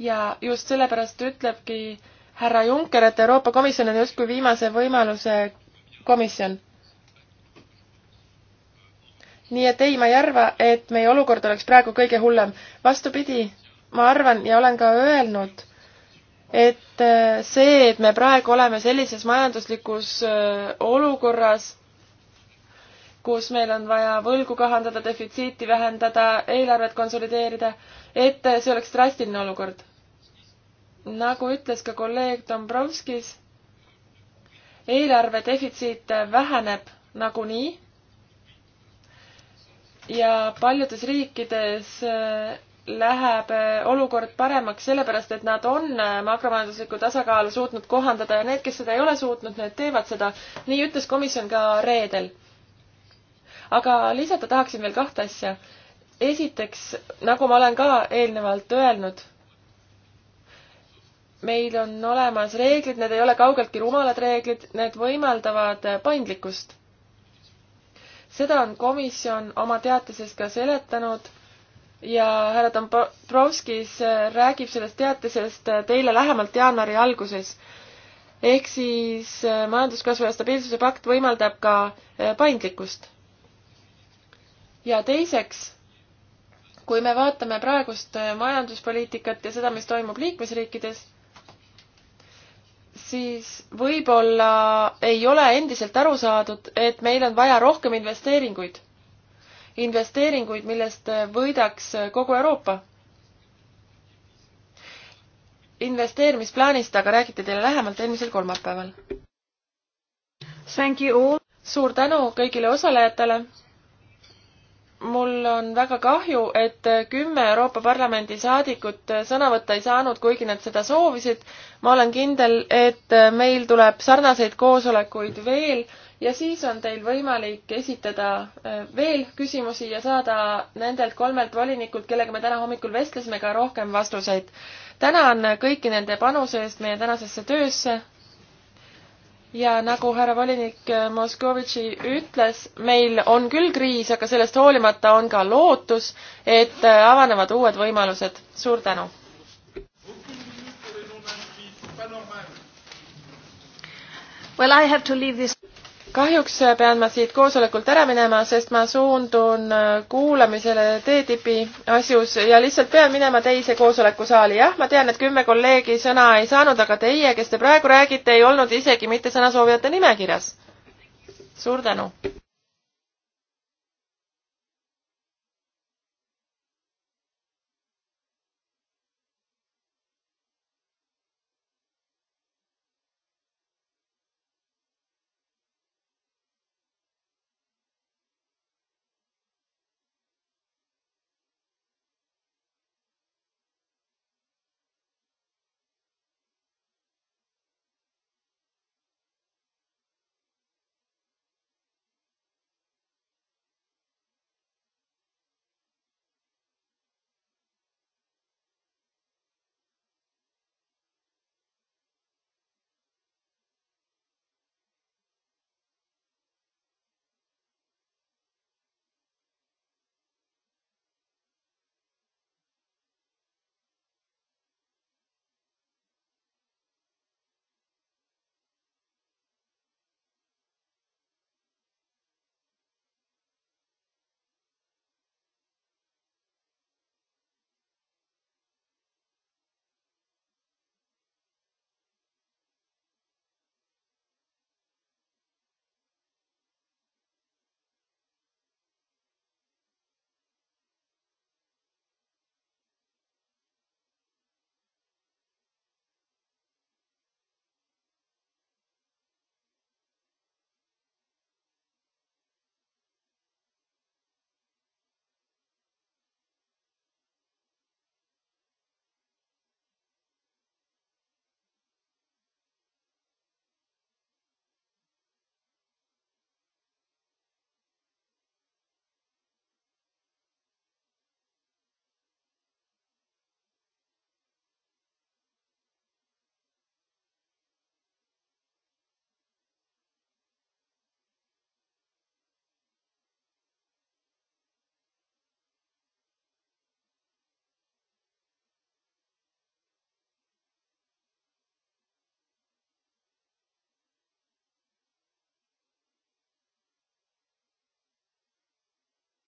ja just sellepärast ütlebki härra Juncker, et Euroopa Komisjon on justkui viimase võimaluse komisjon nii et ei, ma ei arva, et meie olukord oleks praegu kõige hullem. vastupidi, ma arvan ja olen ka öelnud, et äh, see, et me praegu oleme sellises majanduslikus äh, olukorras, kus meil on vaja võlgu kahandada, defitsiiti vähendada, eelarvet konsolideerida, et äh, see oleks drastiline olukord. nagu ütles ka kolleeg Dombrovskis, eelarve defitsiit väheneb nagunii ja paljudes riikides äh, läheb äh, olukord paremaks sellepärast, et nad on äh, makromajanduslikku tasakaalu suutnud kohandada ja need, kes seda ei ole suutnud, need teevad seda. nii ütles komisjon ka reedel. aga lisada tahaksin veel kahte asja. esiteks, nagu ma olen ka eelnevalt öelnud, meil on olemas reeglid, need ei ole kaugeltki rumalad reeglid, need võimaldavad paindlikkust seda on komisjon oma teatises ka seletanud ja härra Dombrovskis räägib sellest teatisest teile lähemalt jaanuari alguses. ehk siis eh, majanduskasvu ja stabiilsuse pakt võimaldab ka eh, paindlikkust. ja teiseks, kui me vaatame praegust eh, majanduspoliitikat ja seda, mis toimub liikmesriikides siis võib-olla ei ole endiselt aru saadud, et meil on vaja rohkem investeeringuid. investeeringuid, millest võidaks kogu Euroopa. investeerimisplaanist aga räägiti teile lähemalt eelmisel kolmapäeval. suur tänu kõigile osalejatele mul on väga kahju, et kümme Euroopa Parlamendi saadikut sõna võtta ei saanud, kuigi nad seda soovisid. ma olen kindel, et meil tuleb sarnaseid koosolekuid veel ja siis on teil võimalik esitada äh, veel küsimusi ja saada nendelt kolmelt volinikult, kellega me täna hommikul vestlesime, ka rohkem vastuseid. tänan kõiki nende panuse eest meie tänasesse töösse ja nagu härra volinik äh, Moskovitši ütles, meil on küll kriis, aga sellest hoolimata on ka lootus, et äh, avanevad uued võimalused. suur tänu! Well, I have to leave this kahjuks pean ma siit koosolekult ära minema, sest ma suundun kuulamisele TTIP-i asjus ja lihtsalt pean minema teise koosolekusaali. jah, ma tean, et kümme kolleegi sõna ei saanud, aga teie, kes te praegu räägite, ei olnud isegi mitte sõnasoovijate nimekirjas. suur tänu!